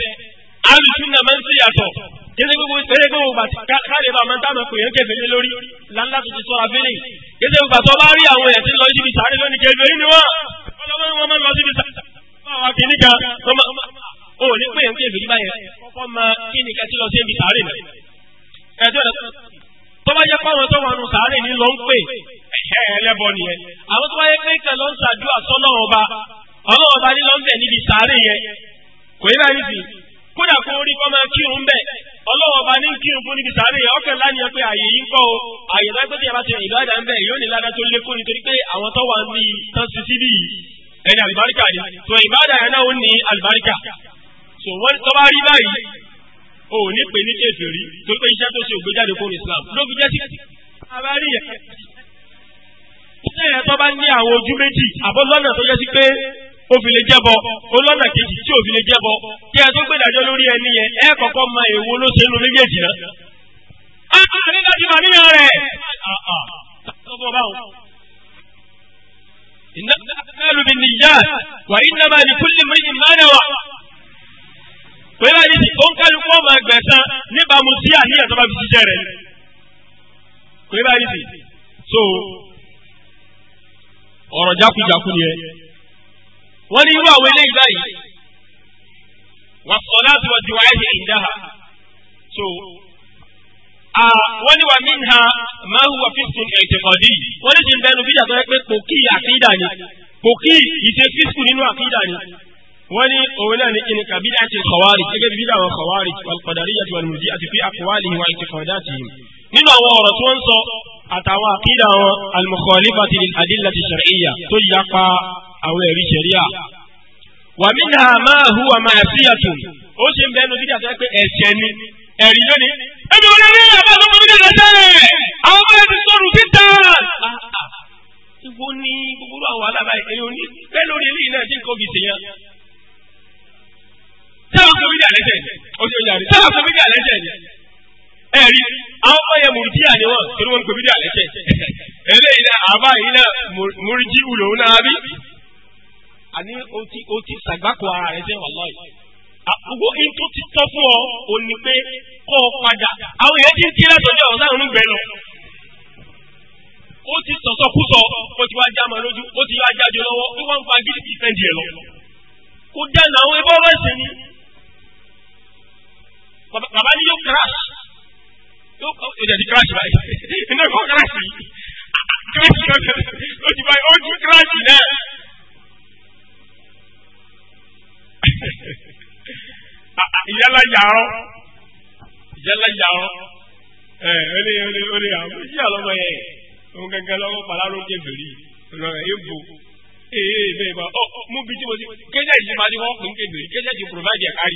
Speaker 1: alùsùn náà máa ń ṣèyàtọ̀ yẹsẹ gbogbo ìṣẹ̀lẹ̀ gbogbo gbàtí káàdé bá máa ń dáná pé yẹn kẹfẹ lé lórí lánlá tó ti sọra fẹlẹ yẹsẹ gbogbo àtọ bá rí àwọn èèyàn tí ń lọ síbi sáré lónìí kẹfẹ yìí ni wọn wọn máa ń lọ síbi sáré fún àwọn kan o ní pé nǹkan èbèrè báyẹn kọ́kọ́ mọ kí ni kẹsí lọ sí ibi sàárè náà ẹjọ́ rẹ tó bá jẹ́ pàwọn tó wọnú sàárè ní ló ń pè ẹlẹ́bọ nìyẹn àwọn tó bá yẹ pé kẹ ló ń ṣàdúrà sọ́nà ọba ọlọ́run ọba ní ló ń bẹ̀ níbi sàárè yẹn kò yẹ báyìí sí kódà kó rí kọ́ máa kírun bẹ́ẹ̀ ọlọ́wọ́ ọba ní kírun fún níbi sàárè yẹn ọkàn lánìyàn pé àyè yìí ń kọ́ o àyè tó gbé tí yàrá ti rìn ìlú àdá ń bẹ̀ yóò ní ládá ni tó so wọ́n tọ́ bá rí báyìí o ò ní pè ní kèfèrí torí pé iṣẹ́ tó ṣe ògbéjáde fún Islam ló fi jẹ́ sí abárí yẹn. iṣẹ́ yẹn tó bá ní àwọn ojú méjì àbọ̀ lọ́nà tó jẹ́ sí pé ó fi lè jẹ́bọ ó lọ́nà kejì tí ò fi lè jẹ́bọ kí ẹ tó gbé ìdájọ́ lórí ẹni yẹn ẹ kọ́kọ́ mọ èwo ló ṣe nínú méjèèjì náà. a kò ní láti mọ níyàn rẹ̀. ìnáwó bí nìyá wà ìnáwó bí kúlì mìíràn máa pé báyìí ni ó ń kálukú ọmọ ẹgbẹ̀sán níbàámu sí àníyàn tó bá fi ṣiṣẹ́ rẹ̀ pé báyìí ni so ọ̀rọ̀ jákujàku ni ẹ. wọ́n ní irú àwọn eléyìí báyìí wà sọ láti wọ́n ti wáyé ní ìdáhà so wọ́n ní wà minha máa hùwà fífún ẹ̀jẹ̀kọ̀dì wọ́n ní ti ń bẹnu bíjà tó yẹ pé kò kí àkídà ni kò kí ìṣe fífún nínú àkídà ni wọ́n ní òun náà ní kí ni kàbídà ti kọ̀wárì gẹ́gẹ́ bí bídà àwọn kọ̀wárì wàlùkọ̀dàríyà ti wàlùmùdí àti fi àkọwálì ìwà ìtìkọ̀dá ti yìí nínú àwọn ọ̀rọ̀ tí wọ́n ń sọ àtàwọn àkídà àwọn alùmọ̀kọ̀lífà ti di àdílà ti ṣàríyà tó yà pa àwọn ẹ̀rí ṣẹ̀ríà. wà mí nà máa hu àmà ẹ̀fíyàtò ó ṣe ń bẹ ẹnu bídà tó yẹ pé ẹ̀ṣẹ̀ ni ẹ̀rí lónìí. ẹbí wọn ní ìyàbá tó mọ bídà lọ́sẹ̀rẹ̀ àwọn ọmọ ẹni sọ̀rọ̀ síta. ìwo ah, ah. ni gbogbo àwọn alábàáyé sẹ́wọ̀n sọ mídíà lẹ́sẹ̀ ni sọ mídíà àwọn ọmọ yẹn torí ń pè mídíà eléyìí náà àbá yìí náà mùrùjí wùlò náà o ti o ara rẹ àkókò tó ti tọ́ fún ọ ò ní pé kọ́ ọ padà àwọn èèyàn ti ń kí látọ̀jọ́ ọ̀sán òun gbẹ lọ ó ti sọ̀sọ̀ kú sọ ó ti wá lójú gidi ti fẹ́ jẹ lọ. dáná àwọn ẹgbẹ́ ni bàbá ni yóò crash yóò ìdẹ̀ ti crash báyìí iná yóò crash yìí crash yóò ti báyìí ó ti crash náà. ìyálà yàrá ìyálà yàrá ẹ ó lè ó lè ó lè àwọn ojú àlọ́mọ yẹn òun gangan lọ́wọ́ pàlárò kébìrì lọ́rọ̀ yóò bò ee eh, eh, bẹ́ẹ̀ bá ọ mú bí tí mo ti kéjẹ́ ìdí máa ní wọ́n pè ń kébìrì kéjẹ́ ìdí provide ẹ̀ kárí.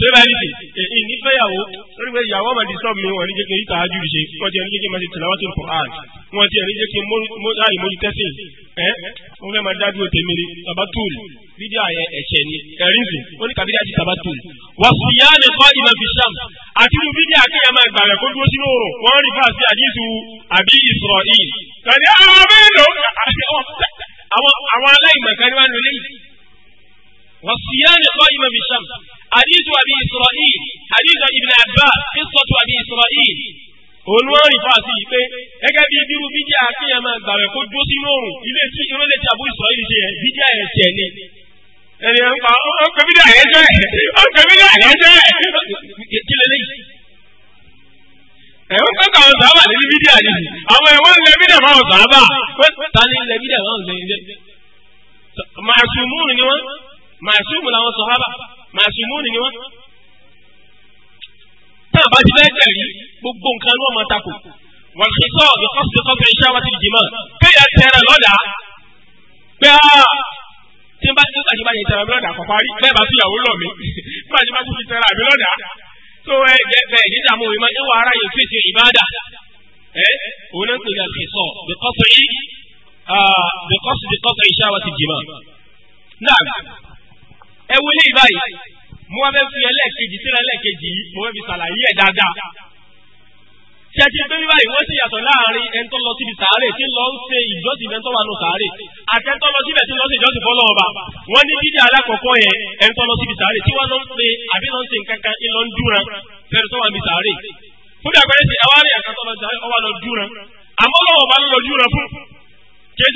Speaker 1: ṣé báyìí ní sè é ní fẹ́yàwó lórí pé ìyàwó ọmọdé sọ mi wọn ní jẹ́ kí n yíta ájú ṣe wọ́n ti ẹni jẹ́ kí n máa ṣe tìlàwá tó kọ̀ áàd wọ́n ti ẹni jẹ́ kí n mọ́sáàyè mójú tẹ́sí ẹ́ wọ́n fẹ́ máa dá dúró tèmi ni tabatul bídí àyẹ ẹ̀ṣẹ̀ ni ẹ̀rín sì ó ní kàbídí àti tabatul. wàsíyá kọ́ ìmọ̀ fi sàm àti inú bídí àkẹyà Israel. kàní àwọn ọmọ èlò àwọn aláìmọ̀kan ni wọ́n ń lò léyìí. wàsíyá ni kọ́ ìmọ̀ fi sàm حديث أبي إسرائيل حديث ابن عباس قصة أبي إسرائيل olùwárí fàásì yìí pé gẹ́gẹ́ bí bírú bídíà kéèyàn máa gbàwẹ̀ kó dúró sínú òrùn ilé tí irú lè ti àbú ìsọ̀rọ̀ ṣe yẹn bídíà ẹ̀ṣẹ̀ ni ẹni ẹ̀ ń pa ọkọ̀ bídíà ẹ̀ṣẹ̀ ọkọ̀ bídíà ẹ̀ṣẹ̀ kí lélẹ́yìí ẹ̀wọ́n pẹ́ káwọn sábà lé ní bídíà ni àwọn ẹ̀wọ́n lẹ bídíà máa sábà pé ta ni lẹ bídíà máa lẹ ilé màṣùmùrù ni wọ́n màṣùmù làwọn sọ̀hábà màsùmùnì ni wọ́n. tá a bá ti fẹ́ tẹ̀lé gbogbo nǹkan ni wọ́n máa takò wọ́n ti sọ ìkọ́sí kọ́sí iṣẹ́ wa ti jìmọ̀ kéèyàn tẹ̀rẹ̀ lọ́dà pé a tí n bá tí a ti bá yẹn tẹ̀rẹ̀ mi lọ́dà kọ̀ parí bẹ́ẹ̀ bá fìyàwó lọ mi bá a ti bá fi tẹ̀rẹ̀ mi lọ́dà tó ẹ jẹ́ bẹ́ẹ̀ nígbà mọ́ ìmọ̀ ìwà ara yẹn fèsì ìbáàdà ẹ òun náà ń pè ní àlùfẹ́sọ̀ ìkọ́sí ìkọ́sí iṣẹ́ wa ti jìmọ̀ náà ẹ wo ilé ìbáyìí mo wá fẹ́ fi ẹlẹ́ẹ̀kejì síra ẹlẹ́ẹ̀kejì yìí mo fẹ́ fi ṣàlàyé ẹ̀ dáadáa ṣẹ́tí pé bíbáyìí wọ́n sì yàtọ̀ láàrin ẹni tó lọ síbi sàárè tí lọ ń ṣe ìjọsìn ẹni tó wà nù sàárè àti ẹni tó lọ síbẹ̀ tí lọ sí ìjọsìn fọ́ lọ́wọ́ bá wọ́n ní dídí alákọ̀ọ́kọ́ yẹn ẹni tó lọ síbi sàárè tí wọ́n lọ ń ṣe àbí lọ ń ṣe nǹkan kan ìlọ ń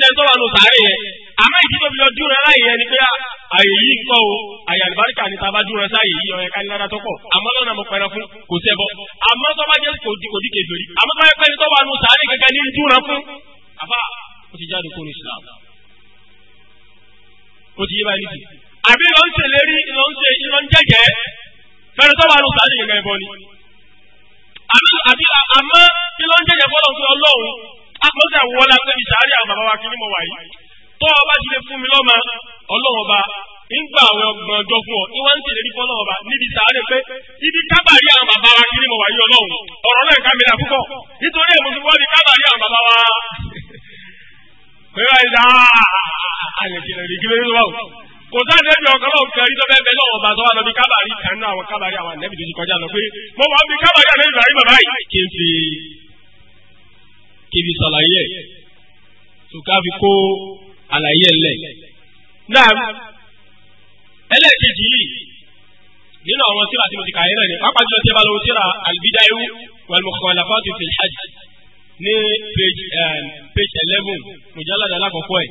Speaker 1: dúran fẹ́rẹ̀ àmọ́ ìdí tó fi lọ dúró láyé yẹn ni pé ah, àyè yìí kọ́ o àyè àlùbáríkà ni tá a bá dúró sáyè yìí ọ̀yẹ́ ká nílára tó pọ̀ àmọ́ lọ́nà mo pẹ̀rẹ̀ fún kò sẹ́ bọ́ àmọ́ tó bá jẹ́ kò di kò di kejìlì àmọ́ tó bá yẹ pé ní tó wà nù sàárè gẹ́gẹ́ ní dúró fún àfa ó ti jáde kúrò Islam ó ti yé báyìí nìkì àbí lọ́n ṣe lérí lọ́n ṣe lọ́n jẹ́jẹ́ fẹ́rẹ̀ tó wà nù sàárè gẹ́gẹ́ bọ́ ni àbí àmọ́ kí lọ́n jẹ́jẹ́ fọ́lọ́ tó o bá ti lè fún mi lọ́mọ ọba àwọn ọgbọ̀n ọjọ́ fún ọ ní ń ọba níbi sàárè pé ibi kábàárí àwọn bàbá wa kiri mọ̀ wáyé ọlọ́run ọ̀rọ̀ náà ká mìíràn púpọ̀ nítorí ẹ̀ mùsùlùmí wọ́n ní kábàárí àwọn bàbá wa. pẹ̀lú kí lóyún lọ́wọ́ kò kábàárí kan náà àwọn kábàárí àwọn tó ti kọjá lọ pé mo wà bí kábàárí àwọn bàbá yìí tó ká fi kó àlàyé ẹ̀lẹ̀. náà ẹlẹ́ẹ̀kejì yìí nínú àwọn tíra tí mo ti kà yín náà ni pápá jùlọ tí ẹ bá lọ́wọ́ tíra al-Bidaya wal Mukhalafat fil Hajj ní eh, page eleven mujallad alákọ̀ọ́kọ́ ẹ̀.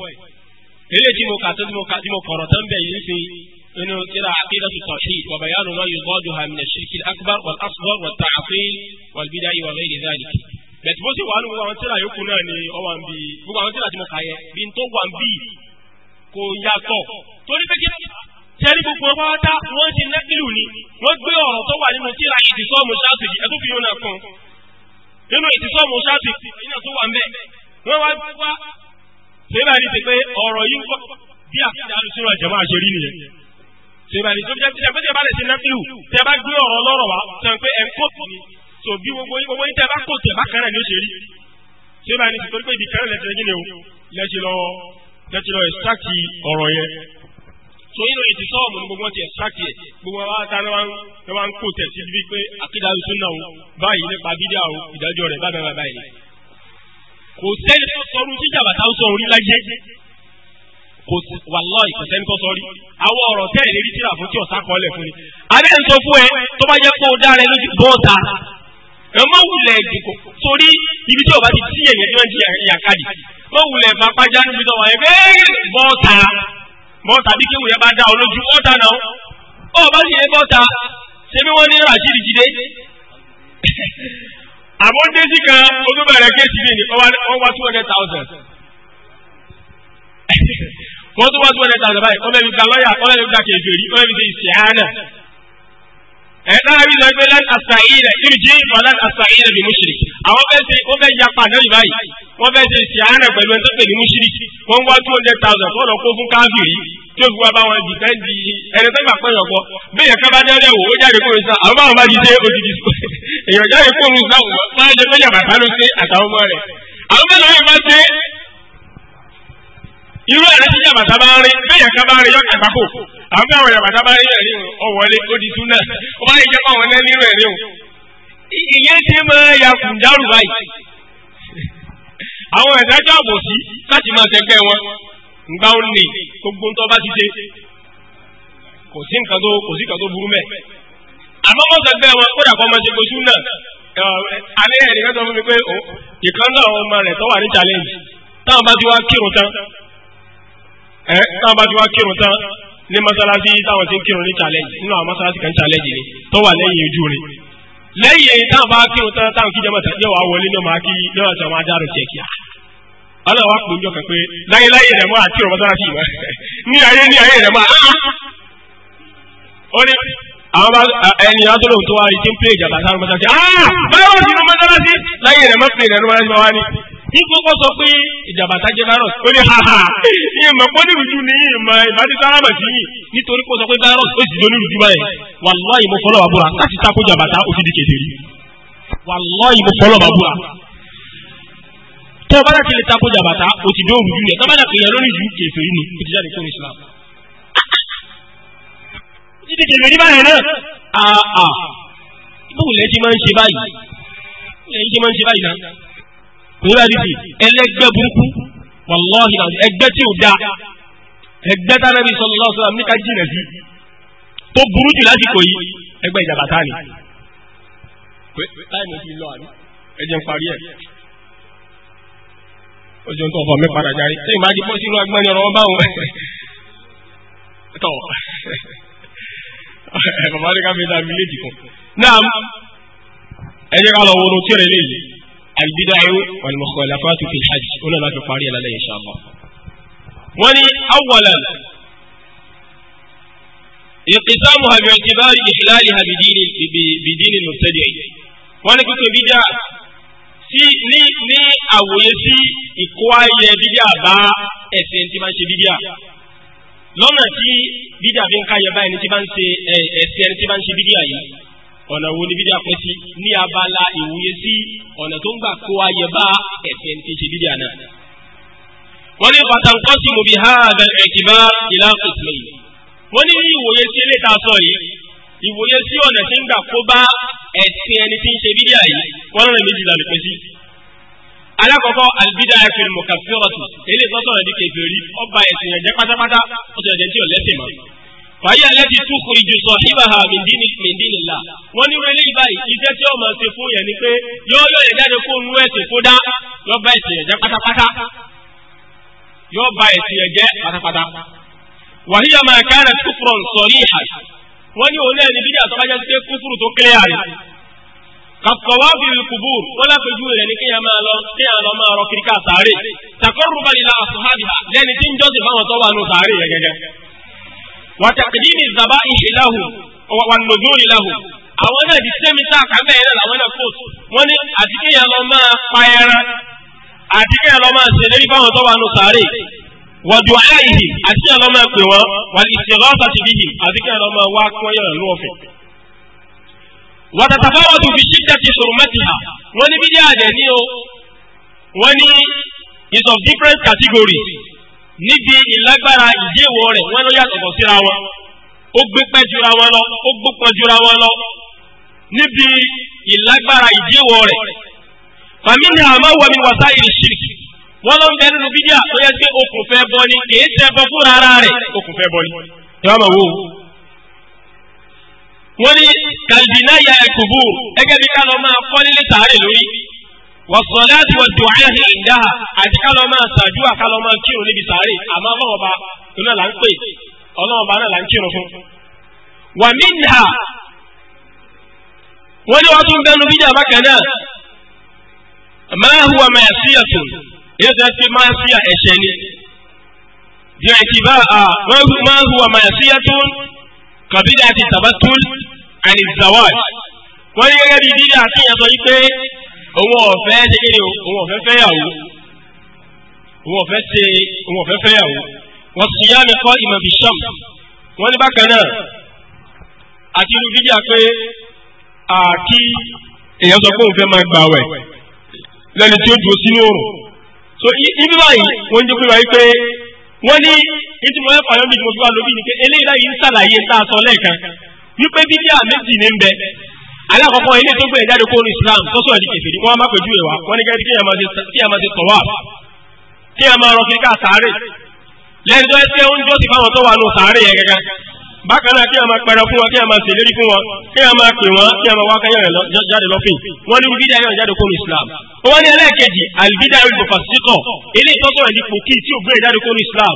Speaker 1: eré tí mo kà tó tí mo kọ̀rọ̀ tó ń bẹ̀ yìí sí inú tíra aqidatu tawhid wa bayanu ma yudadu ha min ash-shirki al-akbar wal asghar wat ta'til wal bẹ̀tí bó ṣe wà ní gbogbo àwọn tíra yòókù náà ni ọwà ń bí gbogbo àwọn tíra tí mo kà yẹ bí n tó wà ń bí kò yàtọ̀ torí pé kí tẹ́rí gbogbo ọba wá dá wọ́n ti nẹ́kìlù ni wọ́n gbé ọ̀rọ̀ tó wà nínú tíra ìdìsọ́ọ̀mù ṣáàtì ẹ̀ tó fi yóò náà kan nínú ìdìsọ́ọ̀mù ṣáàtì ìyẹn tó wà ń bẹ̀ wọ́n wá wá ṣébà ní ti pé ọ̀rọ̀ yìí ń kọ́ bí àfihàn àlùsùn àjẹmọ́ àṣírí nìyẹn ṣébà ní tó fi jẹ́ pé tẹ́ bá lè ṣe nẹ́kìlù tẹ́ bá so bí gbogbo yín gbogbo yín tẹ́ bá kò tẹ̀ bá kẹ́rẹ̀ ni ó ṣe rí tí ó bá ní sùpé ibi kẹ́rẹ̀ lẹ́sẹ̀ kí ni o lẹ́sẹ̀ lọ lẹ́sẹ̀ lọ extract ọ̀rọ̀ yẹn so yín lóye ti sọ́ọ̀mù ní gbogbo ti extract yẹ gbogbo wa ta ni wọ́n ń kò tẹ̀ sí ibi pé àkídájú súnà o báyìí nípa bídíà o ìdájọ́ rẹ̀ bábẹ́ báyìí kò sẹ́ni tó sọ orí jíjà bàtà sọ orí láyé kò sí wàláì kò sẹ́ni tó sọ rí àwọn ọ̀rọ̀ tẹ́ẹ̀ lè rí tíra fún tí ọ̀sá kọ́lẹ̀ fún ni. àbẹ́ fún ẹ tó bá jẹ́ kó o dára lójú bọ́ọ̀ta ẹ má wulẹ̀ ìdìbò torí ibi tí ọba ti tí èyàn tí wọ́n di ìyàkadì má wulẹ̀ fapájá níbi tó wà yẹn pé bọ́ọ̀tà bọ́ọ̀tà bí kéwù yẹn bá dá ọ lójú bọ́ọ̀tà náà ọba sì yẹ bọ́ọ̀tà ṣebí wọ́n ní rashid jide àbọ̀dẹ́sì kan olúbẹ̀rẹ̀ kéèsì mi ni wọ́n wá two hundred thousand wọ́n tún wá two hundred thousand báyìí ọmọ ẹ̀mí ga lọ́yà ọmọ ẹ̀mí ga kẹfẹ́ rí ọmọ ẹ̀mí ṣe ìṣẹ́ àánà ẹ̀ẹ́dáàbí sọ pé lẹ́nu àṣàyílẹ̀ ìrìjì ìfọ̀ lẹ́nu àṣàyílẹ̀ bí mushrik àwọn fẹ́ ṣe wọ́n fẹ́ ya pàdé yìí báyìí wọ́n fẹ́ ṣe ṣìyànà pẹ̀lú ẹni tó pè ní mushrik wọ́n wá two hundred thousand tó lọ kó fún káfíìrì tí ó fi wá bá wọn dìtẹ́ di ẹni tó gbà pẹ́yọ̀ pọ̀ bí èèyàn kábá dẹ́rẹ́ wò ó jáde kóòrùn sá àwọn báwọn bá dé odidi èèyàn àwọn bí àwọn yàrá bàtà bá rí o di súnà ó bá yẹ jẹ́ káwọn náà nírú o ìyẹn ti máa ya kùndàrú báyìí àwọn ìdájọ́ àbòsí láti máa wọn ǹgbà ó lè gbogbo ńtọ́ bá ti kò sí nǹkan tó kò wọn máa ṣe alẹ́ tó fún mi pé ìkan náà rẹ̀ challenge ní mọ́sálásí táwọn ti ń kírun ní challenge nínú àwọn mọ́sálásí kan challenge ni tó wà lẹ́yìn ojú rẹ̀ lẹ́yìn èyí táwọn bá kírun tán táwọn kíjọ mọ̀tà yóò wá wọlé náà máa kí náà sọ máa dárò tiẹ̀ kíá. ọlọ́run wá pòjọ kan pé láyéláyé rẹ̀ mọ́ àti mọ́sálásí mọ́ ní ayé ní ayé rẹ̀ mọ́ ó ní àwọn bá ẹni asọ́lọ̀ tó wá ní tí ń pè ìjàmbá sáré mọ́sálásí ah! nígbà kó sọ pé ìjàmbá tá jẹ́ virus ó ní haha ìyẹn mọ̀ pé onírúurú ni yìí ìbádí sáramọ̀ sí yìí nítorí kó sọ pé virus ó sì di onírúurú báyẹn wàláyé mo fọlọ́ wàbúrà láti takò jàmbá tá òfin di kedere wàláyé mo fọlọ́ wàbúrà tó o bá láti lè takò jàmbá tá o ti dó òrùjú yẹn tábàdà pé ìyàlórí ju kèfè yìí Islam. títí kèfè ní báyìí náà bóun lẹ́yìn tí máa ń ṣe kò yẹ báyìí ẹlẹgbẹ́ burúkú wàlọ́ọ̀hì ẹgbẹ́ tí ò da ẹgbẹ́ tá nàbí sallallahu alaihi wasallam níka jìnà sí tó burú jù lásìkò yìí
Speaker 2: ẹgbẹ́ ìjàmbá tá ni.
Speaker 1: láì mo ti lọ àná ẹ jẹ́ n parí ẹ̀ ojú nǹkan ọ̀fọ̀ mi padà jáde ṣé ìmáàjì bọ́ sínú agbọ́n ni ọ̀rọ̀ wọn báwọn tọ̀ bàbá ní ká fi dàbí léjì kan. náà ẹ jẹ́ ká lọ wo tí ó rẹ̀ léyìí. البدع والمخالفات في الحج هنا ما في قارئ لنا إن شاء الله وني أولا انقسامها باعتبار إحلالها بدين بدين المبتدع وانا كنت بدع sí ní ní àwòye sí ìkó ayẹ bídíà bá ẹ̀sìn ẹni tí bá ń ṣe bídíà lọ́nà tí bídíà fi ń káyọ bá ẹni tí bá ń ṣe ẹ̀sìn ẹni tí bá ń ṣe bídíà yìí ọ̀nà wo ni bídíà pẹ́ sí ní abala ìwúye sí ọ̀nà tó ń gbà kó ayẹ bá ẹ̀sẹ̀ ní ti ṣe bídíà náà. wọ́n ní pàtàkì mo bí hàdà ẹ̀kìbá ìlà kùsùlẹ̀ yìí. wọ́n ní ìwòye sí ilé ta sọ yìí ìwòye sí ọ̀nà tí ń gbà kó bá ẹ̀sìn ẹni tí ṣe bídíà yìí wọ́n rẹ̀ méjì lànà pẹ́ sí. alákọ̀ọ́kọ́ albida ẹ̀fìn mọ̀kàfíọ́rọ̀tù fàyà lẹ́tí tún kò ìjù sọ ìbáha mìndínì mìndínì là wọ́n ní wẹ́lẹ́ ìbáyìí iṣẹ́ tí ó máa ṣe fún yẹn ni pé yóò yóò yẹn jáde fún inú ẹ̀sìn tó dá yóò bá ẹ̀sìn yẹn pátápátá yóò bá ẹ̀sìn yẹn jẹ́ pátápátá.
Speaker 2: wàhíyà máa kára kúfùrọ̀
Speaker 1: sọ̀rí ìhà wọ́n ní òun náà ní bídíà tó bá tó kílẹ̀ àrè. kàkọ́wá bìrì kùbù wọ́n lápẹjú rẹ̀ ní kéèyàn máa lọ kéèyàn lọ máa rọ kiri ká sáré. takọ́rù balẹ̀ la àtúhàbíà tí ń jọ́sìn fáwọn tó wà sáré yẹn wàtàkìdìmì zaba ìṣìláhù wànùdúnì láhù àwọn náà di sẹ́mi tá a kà ń bẹ̀rẹ̀ làwọn náà fò wọ́n ní àdìgẹ́ yẹn lọ máa pa ẹran àdìgẹ́ yẹn lọ máa ṣèlérí fáwọn tó wà nù sàárè wàdù àyàyìhì àti yẹn lọ máa pè wọ́n wàlì ìṣèlú ọ̀sà ti bìhì àdìgẹ́ yẹn lọ máa wá kọ́ yẹn lọ ọ̀fẹ́. wàtàtàfáwọ̀tù fi ṣíjà ti sọ̀rọ̀ mẹ́tìhà wọ́n ní bídí àjẹ́ ní o wọ́n ní is of different categories níbi ìlágbára ìjẹ́wọ́ rẹ̀ wọn ló yàtọ̀ síra wọn ó gbé pẹ́ jura wọn lọ ó gbópọn jura wọn lọ níbi ìlágbára ìjẹ́wọ́ rẹ̀ fàmí ni àmọ́ wọ mi wàtá wọ́n ló ń bẹ nínú bídíà tó yẹ pé okùn fẹ́ bọ́ ni kìí ṣe bọ́ fúnra ara okùn fẹ́ bọ́ ni kàlìdínà bí ká lọ máa kọ́ nílé والصلاة والدعاء عندها أجعل ما سجوا كلو ما كيرو نبي ساري أما الله با كنا لانقي الله با نا لانكيرو فون ومنها ولي واتون بانو بيجا مكانا ما هو معصية إذا في معصية إشاني باعتباء ما هو معصية كبدعة تبتل عن الزواج ولي غير بدعة يضيبه òun ọ̀fẹ́ ṣe kí ni òun ọ̀fẹ́ fẹ́yàwó òun ọ̀fẹ́ ṣe òun ọ̀fẹ́ fẹ́yàwó wọ́n ti yá mi kọ́ ìmọ̀ bí ṣọ́m wọ́n ní bákan náà àti irú fídíà pé àkí èèyàn sọ pé òun fẹ́ máa gbààwẹ̀ lẹ́ni tí ó dúró sínú òrùn so ibi báyìí wọ́n ń jẹ́ pé wáyé pé wọ́n ní ìtumọ̀ ẹ̀fà yọ́n bí mo fi wá lóbi ni pé eléyìí láyìí ń ṣàlàyé tá a sọ lẹ́ẹ̀kan wípé fídíà méjì ní ń bẹ alákọ̀ọ́kọ́ ilé tó gbé ìjáde kó ní Islam tó sọ̀rọ̀ di kèfèrí wọ́n má pèjú ìwà wọ́n ní gẹ́gẹ́ kí a máa ṣe tọ̀wá kí a máa rọ kíkà sáré lẹ́yìn tó ẹ tí ó ń jọ́sìn fáwọn tó wà ní sáré yẹn gẹ́gẹ́ bákan náà kí a máa pẹrẹ fún wọn kí a máa ṣèlérí fún wọn kí a máa pè wọn kí a máa wá kẹ́yìn rẹ̀ jáde lọ́fìn wọ́n ní bídà yẹn jáde kó ní Islam wọ́n ní ẹlẹ́ẹ̀kejì àlùbídà olùfàṣítọ̀ ilé ìtọ́sọ̀rọ̀ ìdìpọ̀ kí tí ò gbé ìjáde kó ní Islam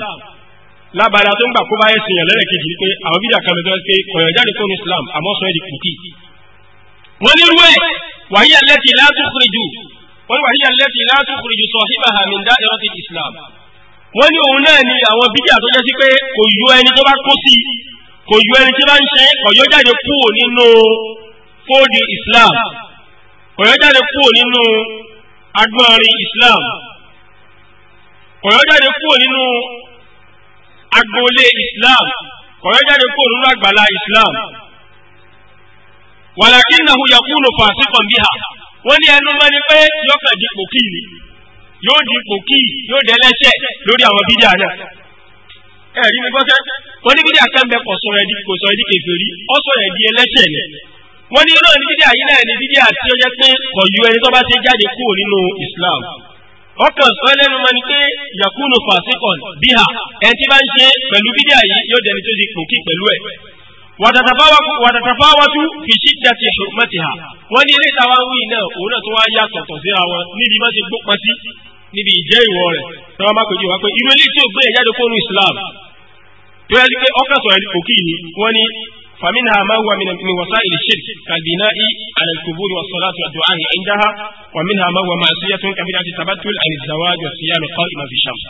Speaker 1: lábàdà tó ń gbà kó bá ẹ̀sìn yẹn lẹ́lẹ́kejì pé àwọn bídà kan mẹ́tọ́ pé kọ̀yọ̀ jáde kó ní Islam àmọ́ sọ ẹ̀ dìpọ̀ kí wọ́n ní irú ẹ̀ wàhí allati la tukhriju wọ́n ní wàhí allati la tukhriju sahibaha min da'irati islam wọ́n ní òun náà ni àwọn bídíà tó sí pé kò yọ ẹni tó bá kó sí kò yọ ẹni tí bá ń ṣe kò jáde kúrò nínú fóòdì islam kò jáde kúrò nínú agbọ́nrin islam kò jáde kúrò nínú agboolé islam walakinnahu yakunu fasiqan biha wọ́n ní ẹnu mọ́ ni pé yóò di ipò kí ni yóò di ipò kí yóò di ẹlẹ́ṣẹ̀ lórí àwọn bídíà náà ẹ̀rí mi gbọ́sẹ̀ wọ́n ní bídíà kan bẹ kò sọ ẹ̀dí kò sọ ẹ̀dí kèfèrí ó sọ ẹ̀dí ẹlẹ́ṣẹ̀ ni wọ́n ní náà ní bídíà yìí náà ní bídíà tí ó jẹ́ pé kò yọ ẹni tó bá ti jáde kúrò nínú Islam ọkàn sọ lẹ́nu mọ́ ni pé yakunu fasiqan biha ẹni tí bá ń ṣe pẹ̀lú bídíà yìí yóò dẹni tó di ipò kí pẹ̀lú ẹ̀ wàtàtàfáwàtú fi ṣídà ti hurmatiha wọ́n ní ilé ìtawà wí náà òun náà tó wá yà sọ̀tọ̀ síra wọn níbi má ṣe gbópa sí níbi ìjẹ́ ìwọ rẹ̀ tí wọ́n má pèjú wá pé irú ilé tí ó gbé ìjáde fóònù Islam tó yẹ pé ọkàn sọ̀rọ̀ òkì ni wọ́n ní famina ma huwa min wasa'il shirk kalbina'i ala wa salatu wa du'a indaha wa minha ma huwa ma'siyatun kabirati tabattul an wa siyam qa'ima fi shams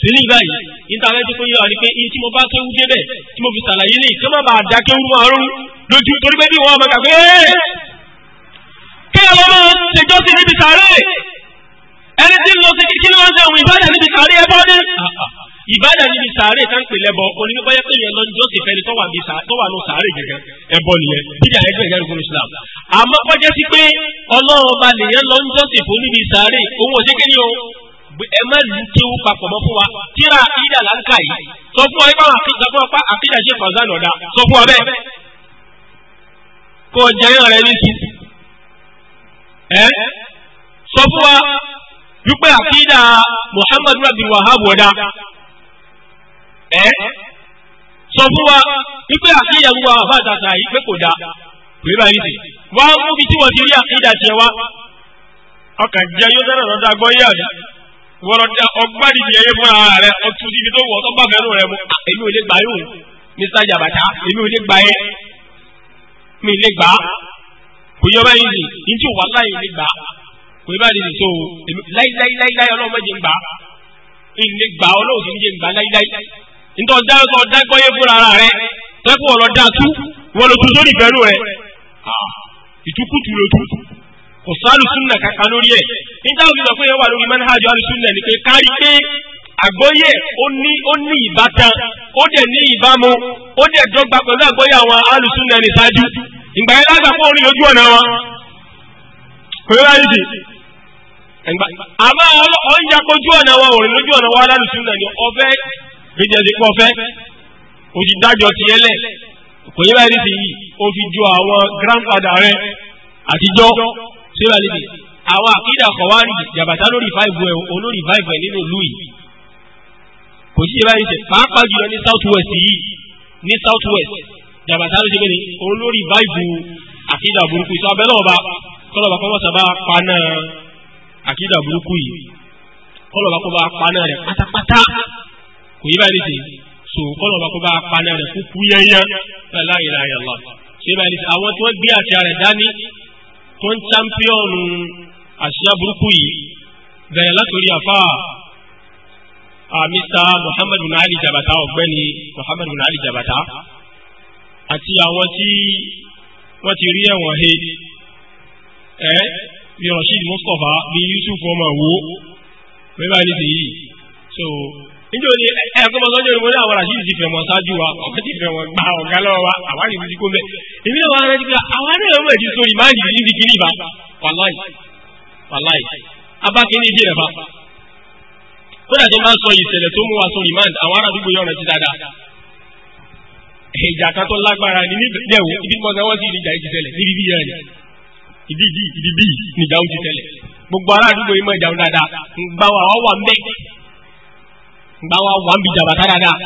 Speaker 1: sílí báyìí ìtàwé tí kò yíra ni pé iye tí mo bá kéwú débẹ̀ tí mo fi ṣàlàyé lè kí wọ́n máa dá kéwú máa rún lójú torí pé bí wọ́n máa kàgbé kéèyàn lọ́mọ ṣèjọ́ sí níbi sàárè ẹni tí ń lọ sí kí ni wọ́n ṣe àwọn ìbádà níbi sàárè ẹ bọ́ ní. ìbádà níbi sàárè tá ń pè lẹ́bọ onígbàyẹ pé yẹn lọ ní jọ́sìn fẹ́ni tó wà ní sàárè gẹ́gẹ́ ẹbọ nìyẹn bíjà ẹgbẹ́ ìyá ìgbóni Islam àmọ́ kọjá sí pé Ọlọ́run ọba lèyẹn lọ ní jọ́sìn fún níbi sàárè òun ò ẹ má lù kéwú papọ̀ mọ́ fún wa tíra àkídà là ń kà yìí sọ fún wa ipá àkídà fún wa pa àkídà ṣe fàzánù ọ̀dà sọ fún wa bẹ́ẹ̀ kó o jẹyàn rẹ nísì ẹ sọ fún wa wípé àkídà Muhammadu Abdul Wahab ọ̀dà ẹ sọ fún wa wípé àkídà gbogbo àwọn àbáta ta yìí pé kò dá pé báyìí sì wá mú bí tí wọ́n ti rí àkídà tiẹ̀ wá ọkàn jẹ́ yóò dáná lọ́dọ̀ agbọ́yé àdá wọlọdẹ ọgbà dìbì ẹyẹ fúnra rẹ ọtún síbi tó wọ ọtọgbà fẹnu rẹ mu ah, èmi ò lè gbà yóò Mr. Jabata èmi ò lè gbà yẹ mi lè gbà kò yọ báyìí nì njẹ wà láyé lè gbà kò yẹ báyìí nì so láíláíláíláí Ọlọ́run méje ń gbà ìlè gbà Ọlọ́run sì ń jẹ gbà láíláí ntọ́ da sọ da gbọ́yé fúnra rẹ tẹ́kù ọ̀rọ̀ da wọlọ́tún sórí ìfẹ́ lù rẹ ah, ìtukùtù lọ́tún kò sọ alùsùnà kankan lórí ẹ̀ níta òbí sọ pé yẹn wà lórí manhajú alùsùnà ni pé kárí pé àgbọ́yé ó ní ó ní ìbátan ó dẹ̀ ní ìbámu ó dẹ̀ dọ́gba pẹ̀lú àgbọ́yé àwọn alùsùnà ní ṣáájú ìgbà yẹn lágbà fún orí lójú ọ̀nà wọn kò yẹ láyé jì àmọ́ ọ̀njà kojú ọ̀nà wọn òrìn lójú ọ̀nà wọn alùsùnà ni ọ̀fẹ́ gbèjẹ̀sì pọ̀ fẹ́ òjì dájọ́ tiẹ̀ lẹ̀ kò yẹ jì yìí ó fi ju àwọn grandfather rẹ̀ àtijọ́ síra níbi àwọn àkídà kọ̀wárì jàbàtà lórí fáìbù ẹ̀ olórí fáìbù ẹ̀ nínú ìlú yìí kò sí ìbáyé ṣe pàápàá jùlọ ní south west yìí ní south west jàbàtà ló ṣe kéde olórí fáìbù àkídà burúkú yìí sọ abẹ́ náà bá kọ́lọ́ba kọ́ mọ́sá bá paná àkídà burúkú yìí kọ́lọ́ba kọ́ bá paná rẹ̀ pátápátá kò yí báyé ṣe so kọ́lọ́ba kọ́ bá paná rẹ̀ kúkú yẹ́yẹ́ la ilaha illallah ṣe báyé ṣe àwọn tí wọ́n gbé àṣà rẹ̀ dání tó ń championu àṣìyá burúkú yìí bẹ̀rẹ̀ látòrí àfa àmísà Muhammad bin Jabata ọ̀gbẹ́ni Muhammad bin Jabata àti àwọn tí wọ́n ti rí ẹ̀wọ̀n he ẹ́ bí Rasheed Mustapha bí Yusuf ọmọ wo bẹ́ẹ̀ ti yìí so níjọ́ ni ẹ̀kọ́ mọ́ sọ́jọ́ ìwọlé àwọn àṣírí ti fẹ̀mọ́ ṣáájú wa ọ̀kan ti fẹ̀mọ́ gba ọ̀gá lọ́wọ́ wa àwárí ti kó mẹ́. èmi náà wà á rántí pé àwa náà mọ̀ ẹ̀dí so ìmáàlì níbi kiri ìbá wàláì wàláì abákin ní ibi rẹ̀ fa. kódà tó máa sọ ìṣẹ̀lẹ̀ tó mú wa sọ ìmáàlì àwọn ará àdúgbò yọ̀ọ̀rọ̀ ti dáadáa. ìjà kan tó ni níbẹ̀wò ibi mọ̀ náà wọ́n sì ìjà ti tẹ̀lẹ̀ níbi bíi yẹn ibi bíi níjà ó ti tẹ̀lẹ̀ gbogbo ará àdúgbò yìí gba wa wà ń bi jàbàtà dáadáa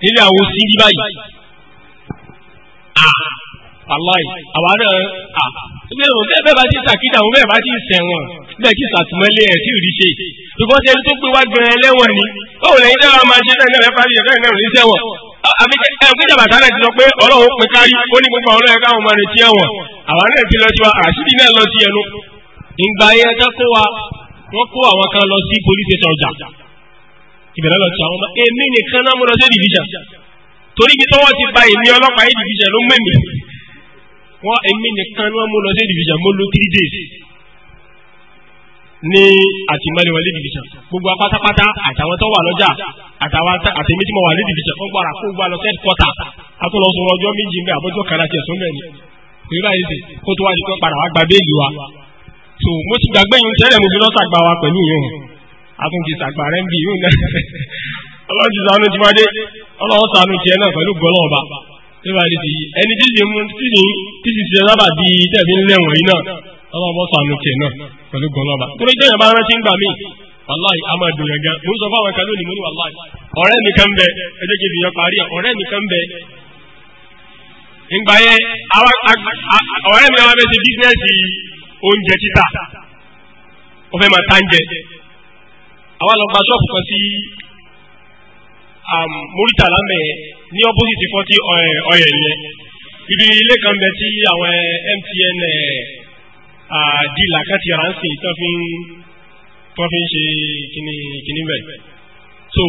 Speaker 1: níbi àwọn síbi báyìí ah aláì àwa náà ah bẹ́ẹ̀ o bẹ́ẹ̀ bá ti sàkídà wọn bẹ́ẹ̀ bá ti sẹ̀wọ̀n bẹ́ẹ̀ ti sàtúmọ́lé ẹ̀ tí ò rí ṣe because ẹni tó gbé wá gan ẹlẹ́wọ̀n ni báwo lẹ́yìn náà wàá máa ṣe náà náà ẹ parí ẹ̀ náà náà ò ní sẹ́wọ̀n ah, àbí ẹ̀kú jàbàtà náà ti sọ pé ọlọ́run pin kárí ó ní gbogbo àwọn ọlọ́yẹ̀ká àwọn ọmọ rẹ̀ tiẹ̀ wọ̀n àwa náà ti lọ sí wa àṣìbí náà lọ sí ẹnu ìgbà yẹn ká kó wa wọ́n kó àwọn kan lọ sí police station ọjà ìbẹ̀rẹ̀ lọ ti àwọn ọmọ èmi nìkan náà múra sí division torí ibi tọ́wọ́ ti ba èmi ọlọ́pàá yìí division ló mẹ́mi wọ́n èmi nìkan náà múra sí division mo lo three days ní àtìmọ́lé wọlé division gbogbo apátápátá àtàwọn tó wà lọ́jà àtàwọn àtẹ̀mí tí mo wà ní division wọ́n gbọ́ra kó gbọ́ lọ set quarter atọ́lọ́sọ ọjọ́ méjì ń àbọ́jọ́ kan láti ẹ̀sùn mẹ́rin ìrírá yìí sì kó tó wá di pé padà wá gba béèlì wa so mo ti gbàgbé yìí tẹ́lẹ̀ mo fi lọ́sà gba wa pẹ̀lú yìí hàn. àtúntì sàgbàrẹ́ ń bì yóò náà ọlọ́run ti sànú tiwádé ọlọ́run sànú tiẹ̀ náà pẹ̀lú gbọ́lọ́ọ̀ba tí wàá di ti yí ẹni tí ti mú tí ti sábà di tẹ̀bí ńlẹ̀ wọ̀nyí náà ọlọ́run bọ́ sànú tiẹ̀ náà pẹ̀lú torí jẹ́ ìyàbá ń gbà mí wàláì mo ń sọ fáwọn lónìí mo ní wàláì ọ̀rẹ́ mi kan bẹ kí parí ẹ̀ ọ̀rẹ́ mi kan bẹ yẹn ọ̀rẹ́ mi ti oúnjẹ títà ó fẹ́ máa tá oúnjẹ àwa lọ gba ṣọ́ọ̀bù kan sí Murità um, lámẹ́ ní opposite forty ọ̀yẹ̀ yẹn ibi ilé kan bẹ tí àwọn MTN dílà kàti ránṣì tó fi ń ṣe kìnnì bẹ́ẹ̀ so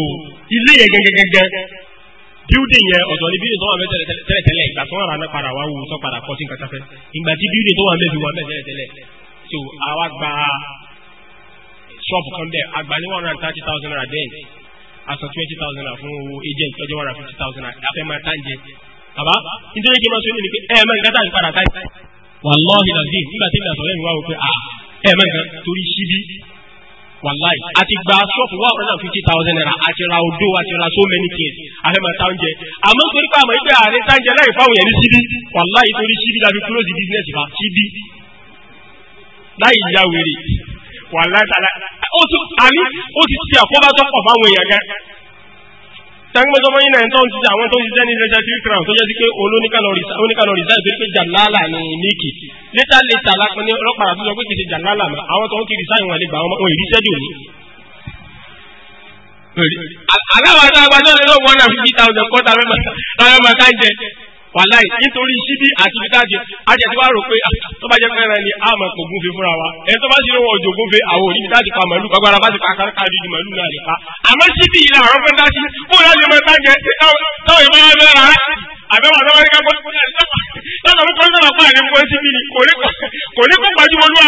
Speaker 1: ilé yẹn gẹ́gẹ́gẹ́gẹ́ building yẹn ọ̀dọ̀ ni building tó wà mẹ́tẹ̀lẹ̀ tẹ́lẹ̀tẹ́lẹ̀ ìgbà tó wà rà padà wá wò tó padà kọ́ sí nǹkan tẹ́fẹ́ ìgbà tí building tó wà mẹ́tẹ̀lẹ̀ tẹ́lẹ̀ so àwa gba ṣọ́ọ̀bù kan bẹ́ẹ̀ àgbà ní one hundred thirty thousand naira then aṣọ twenty thousand naira fún owó agent tọ́jú one hundred fifty thousand naira afẹ́ máa tán jẹ. bàbá nítorí kí n máa sọ ní ni pé ẹ ẹ mẹ́rin gátà ń padà tán. wàláhì làzí nígbà tí ìgbà sọ̀rọ̀ ìwà wò pé ah, ẹ ẹ mẹ́rin torí síbí wàláì àti gba ṣọ́ọ̀fù one hundred and fifty thousand naira àti ra odó àti ra so many things àfẹ́ máa tán jẹ àmọ́ torí pé àmọ́ ìgbà àrẹ tán jẹ láì fáwọn yẹn ní síbí wàláì torí síbí la fi kúrò sí business fa síbí láì ya wèrè wà láìsàlá ó ti àní ó ti ti àkóbá tó pọ̀ fáwọn èèyàn gẹ́ tẹ́gbẹ́sọ́ mọ́ yín náà tó ń ṣiṣẹ́ àwọn tó ń ṣiṣẹ́ ní iléeṣẹ́ three crown tó jẹ́ sí pé olóníkàlọ́ resign torí pé jàlálà ni níkì létà létà lápẹ́ ní ọlọ́pàá tó sọ pé kì í ṣe jàlálà mọ́ àwọn tó ń ti resign wọn lè gbà wọn èyí ṣẹ́dù ní. aláwọ̀ àti àgbàdo lè lọ́wọ́ náà fifty thousand kọ́ta mẹ́ta mẹ́ta jẹ wàláì nítorí síbí àti ìdájẹ ajẹtí wa rò pé ah, tó bá jẹ pé ẹran ni àmọ́ kò gúnfe fúnra wa ẹni tó bá sì lówó ọjọ́ gúnfe àwọn òní ìdájẹ pa màlúù gbàgbára bá ti pa káńkà di màlúù náà lè pa àmọ́ síbí yìí làwọn fẹẹ dá sí fún ìdájẹ máa bá jẹ táwọn ìbá wọn bẹ̀rẹ̀ rárá àbẹ̀wò àbẹ̀wò ẹni kápọ lọ́nà mú kọ́ńtà náà pàdé fún síbí ni kò ní kó gbajúmọ̀ lúwa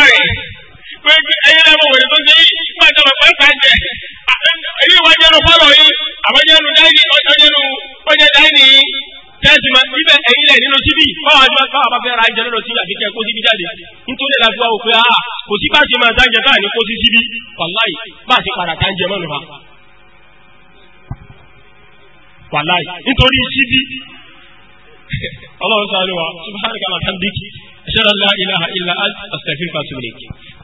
Speaker 1: rẹ̀ tẹ́sí ma ibẹ̀ ẹ̀yin lẹ̀ nínú síbí báwa ni báwa bá fẹ́ ra jẹ nínú síbí àti kẹ́ kó síbí jáde nítorí la fi wá òpin ah kò sí báṣe máa dáńjẹ táà ní kó sí síbí wàláì báṣe padà dáńjẹ mọ́nu wa wàláì nítorí síbí ọlọ́run sáré wa subhanaka wa hamdiki ṣẹlẹ̀ ilaha illa ant astaghfiruka wa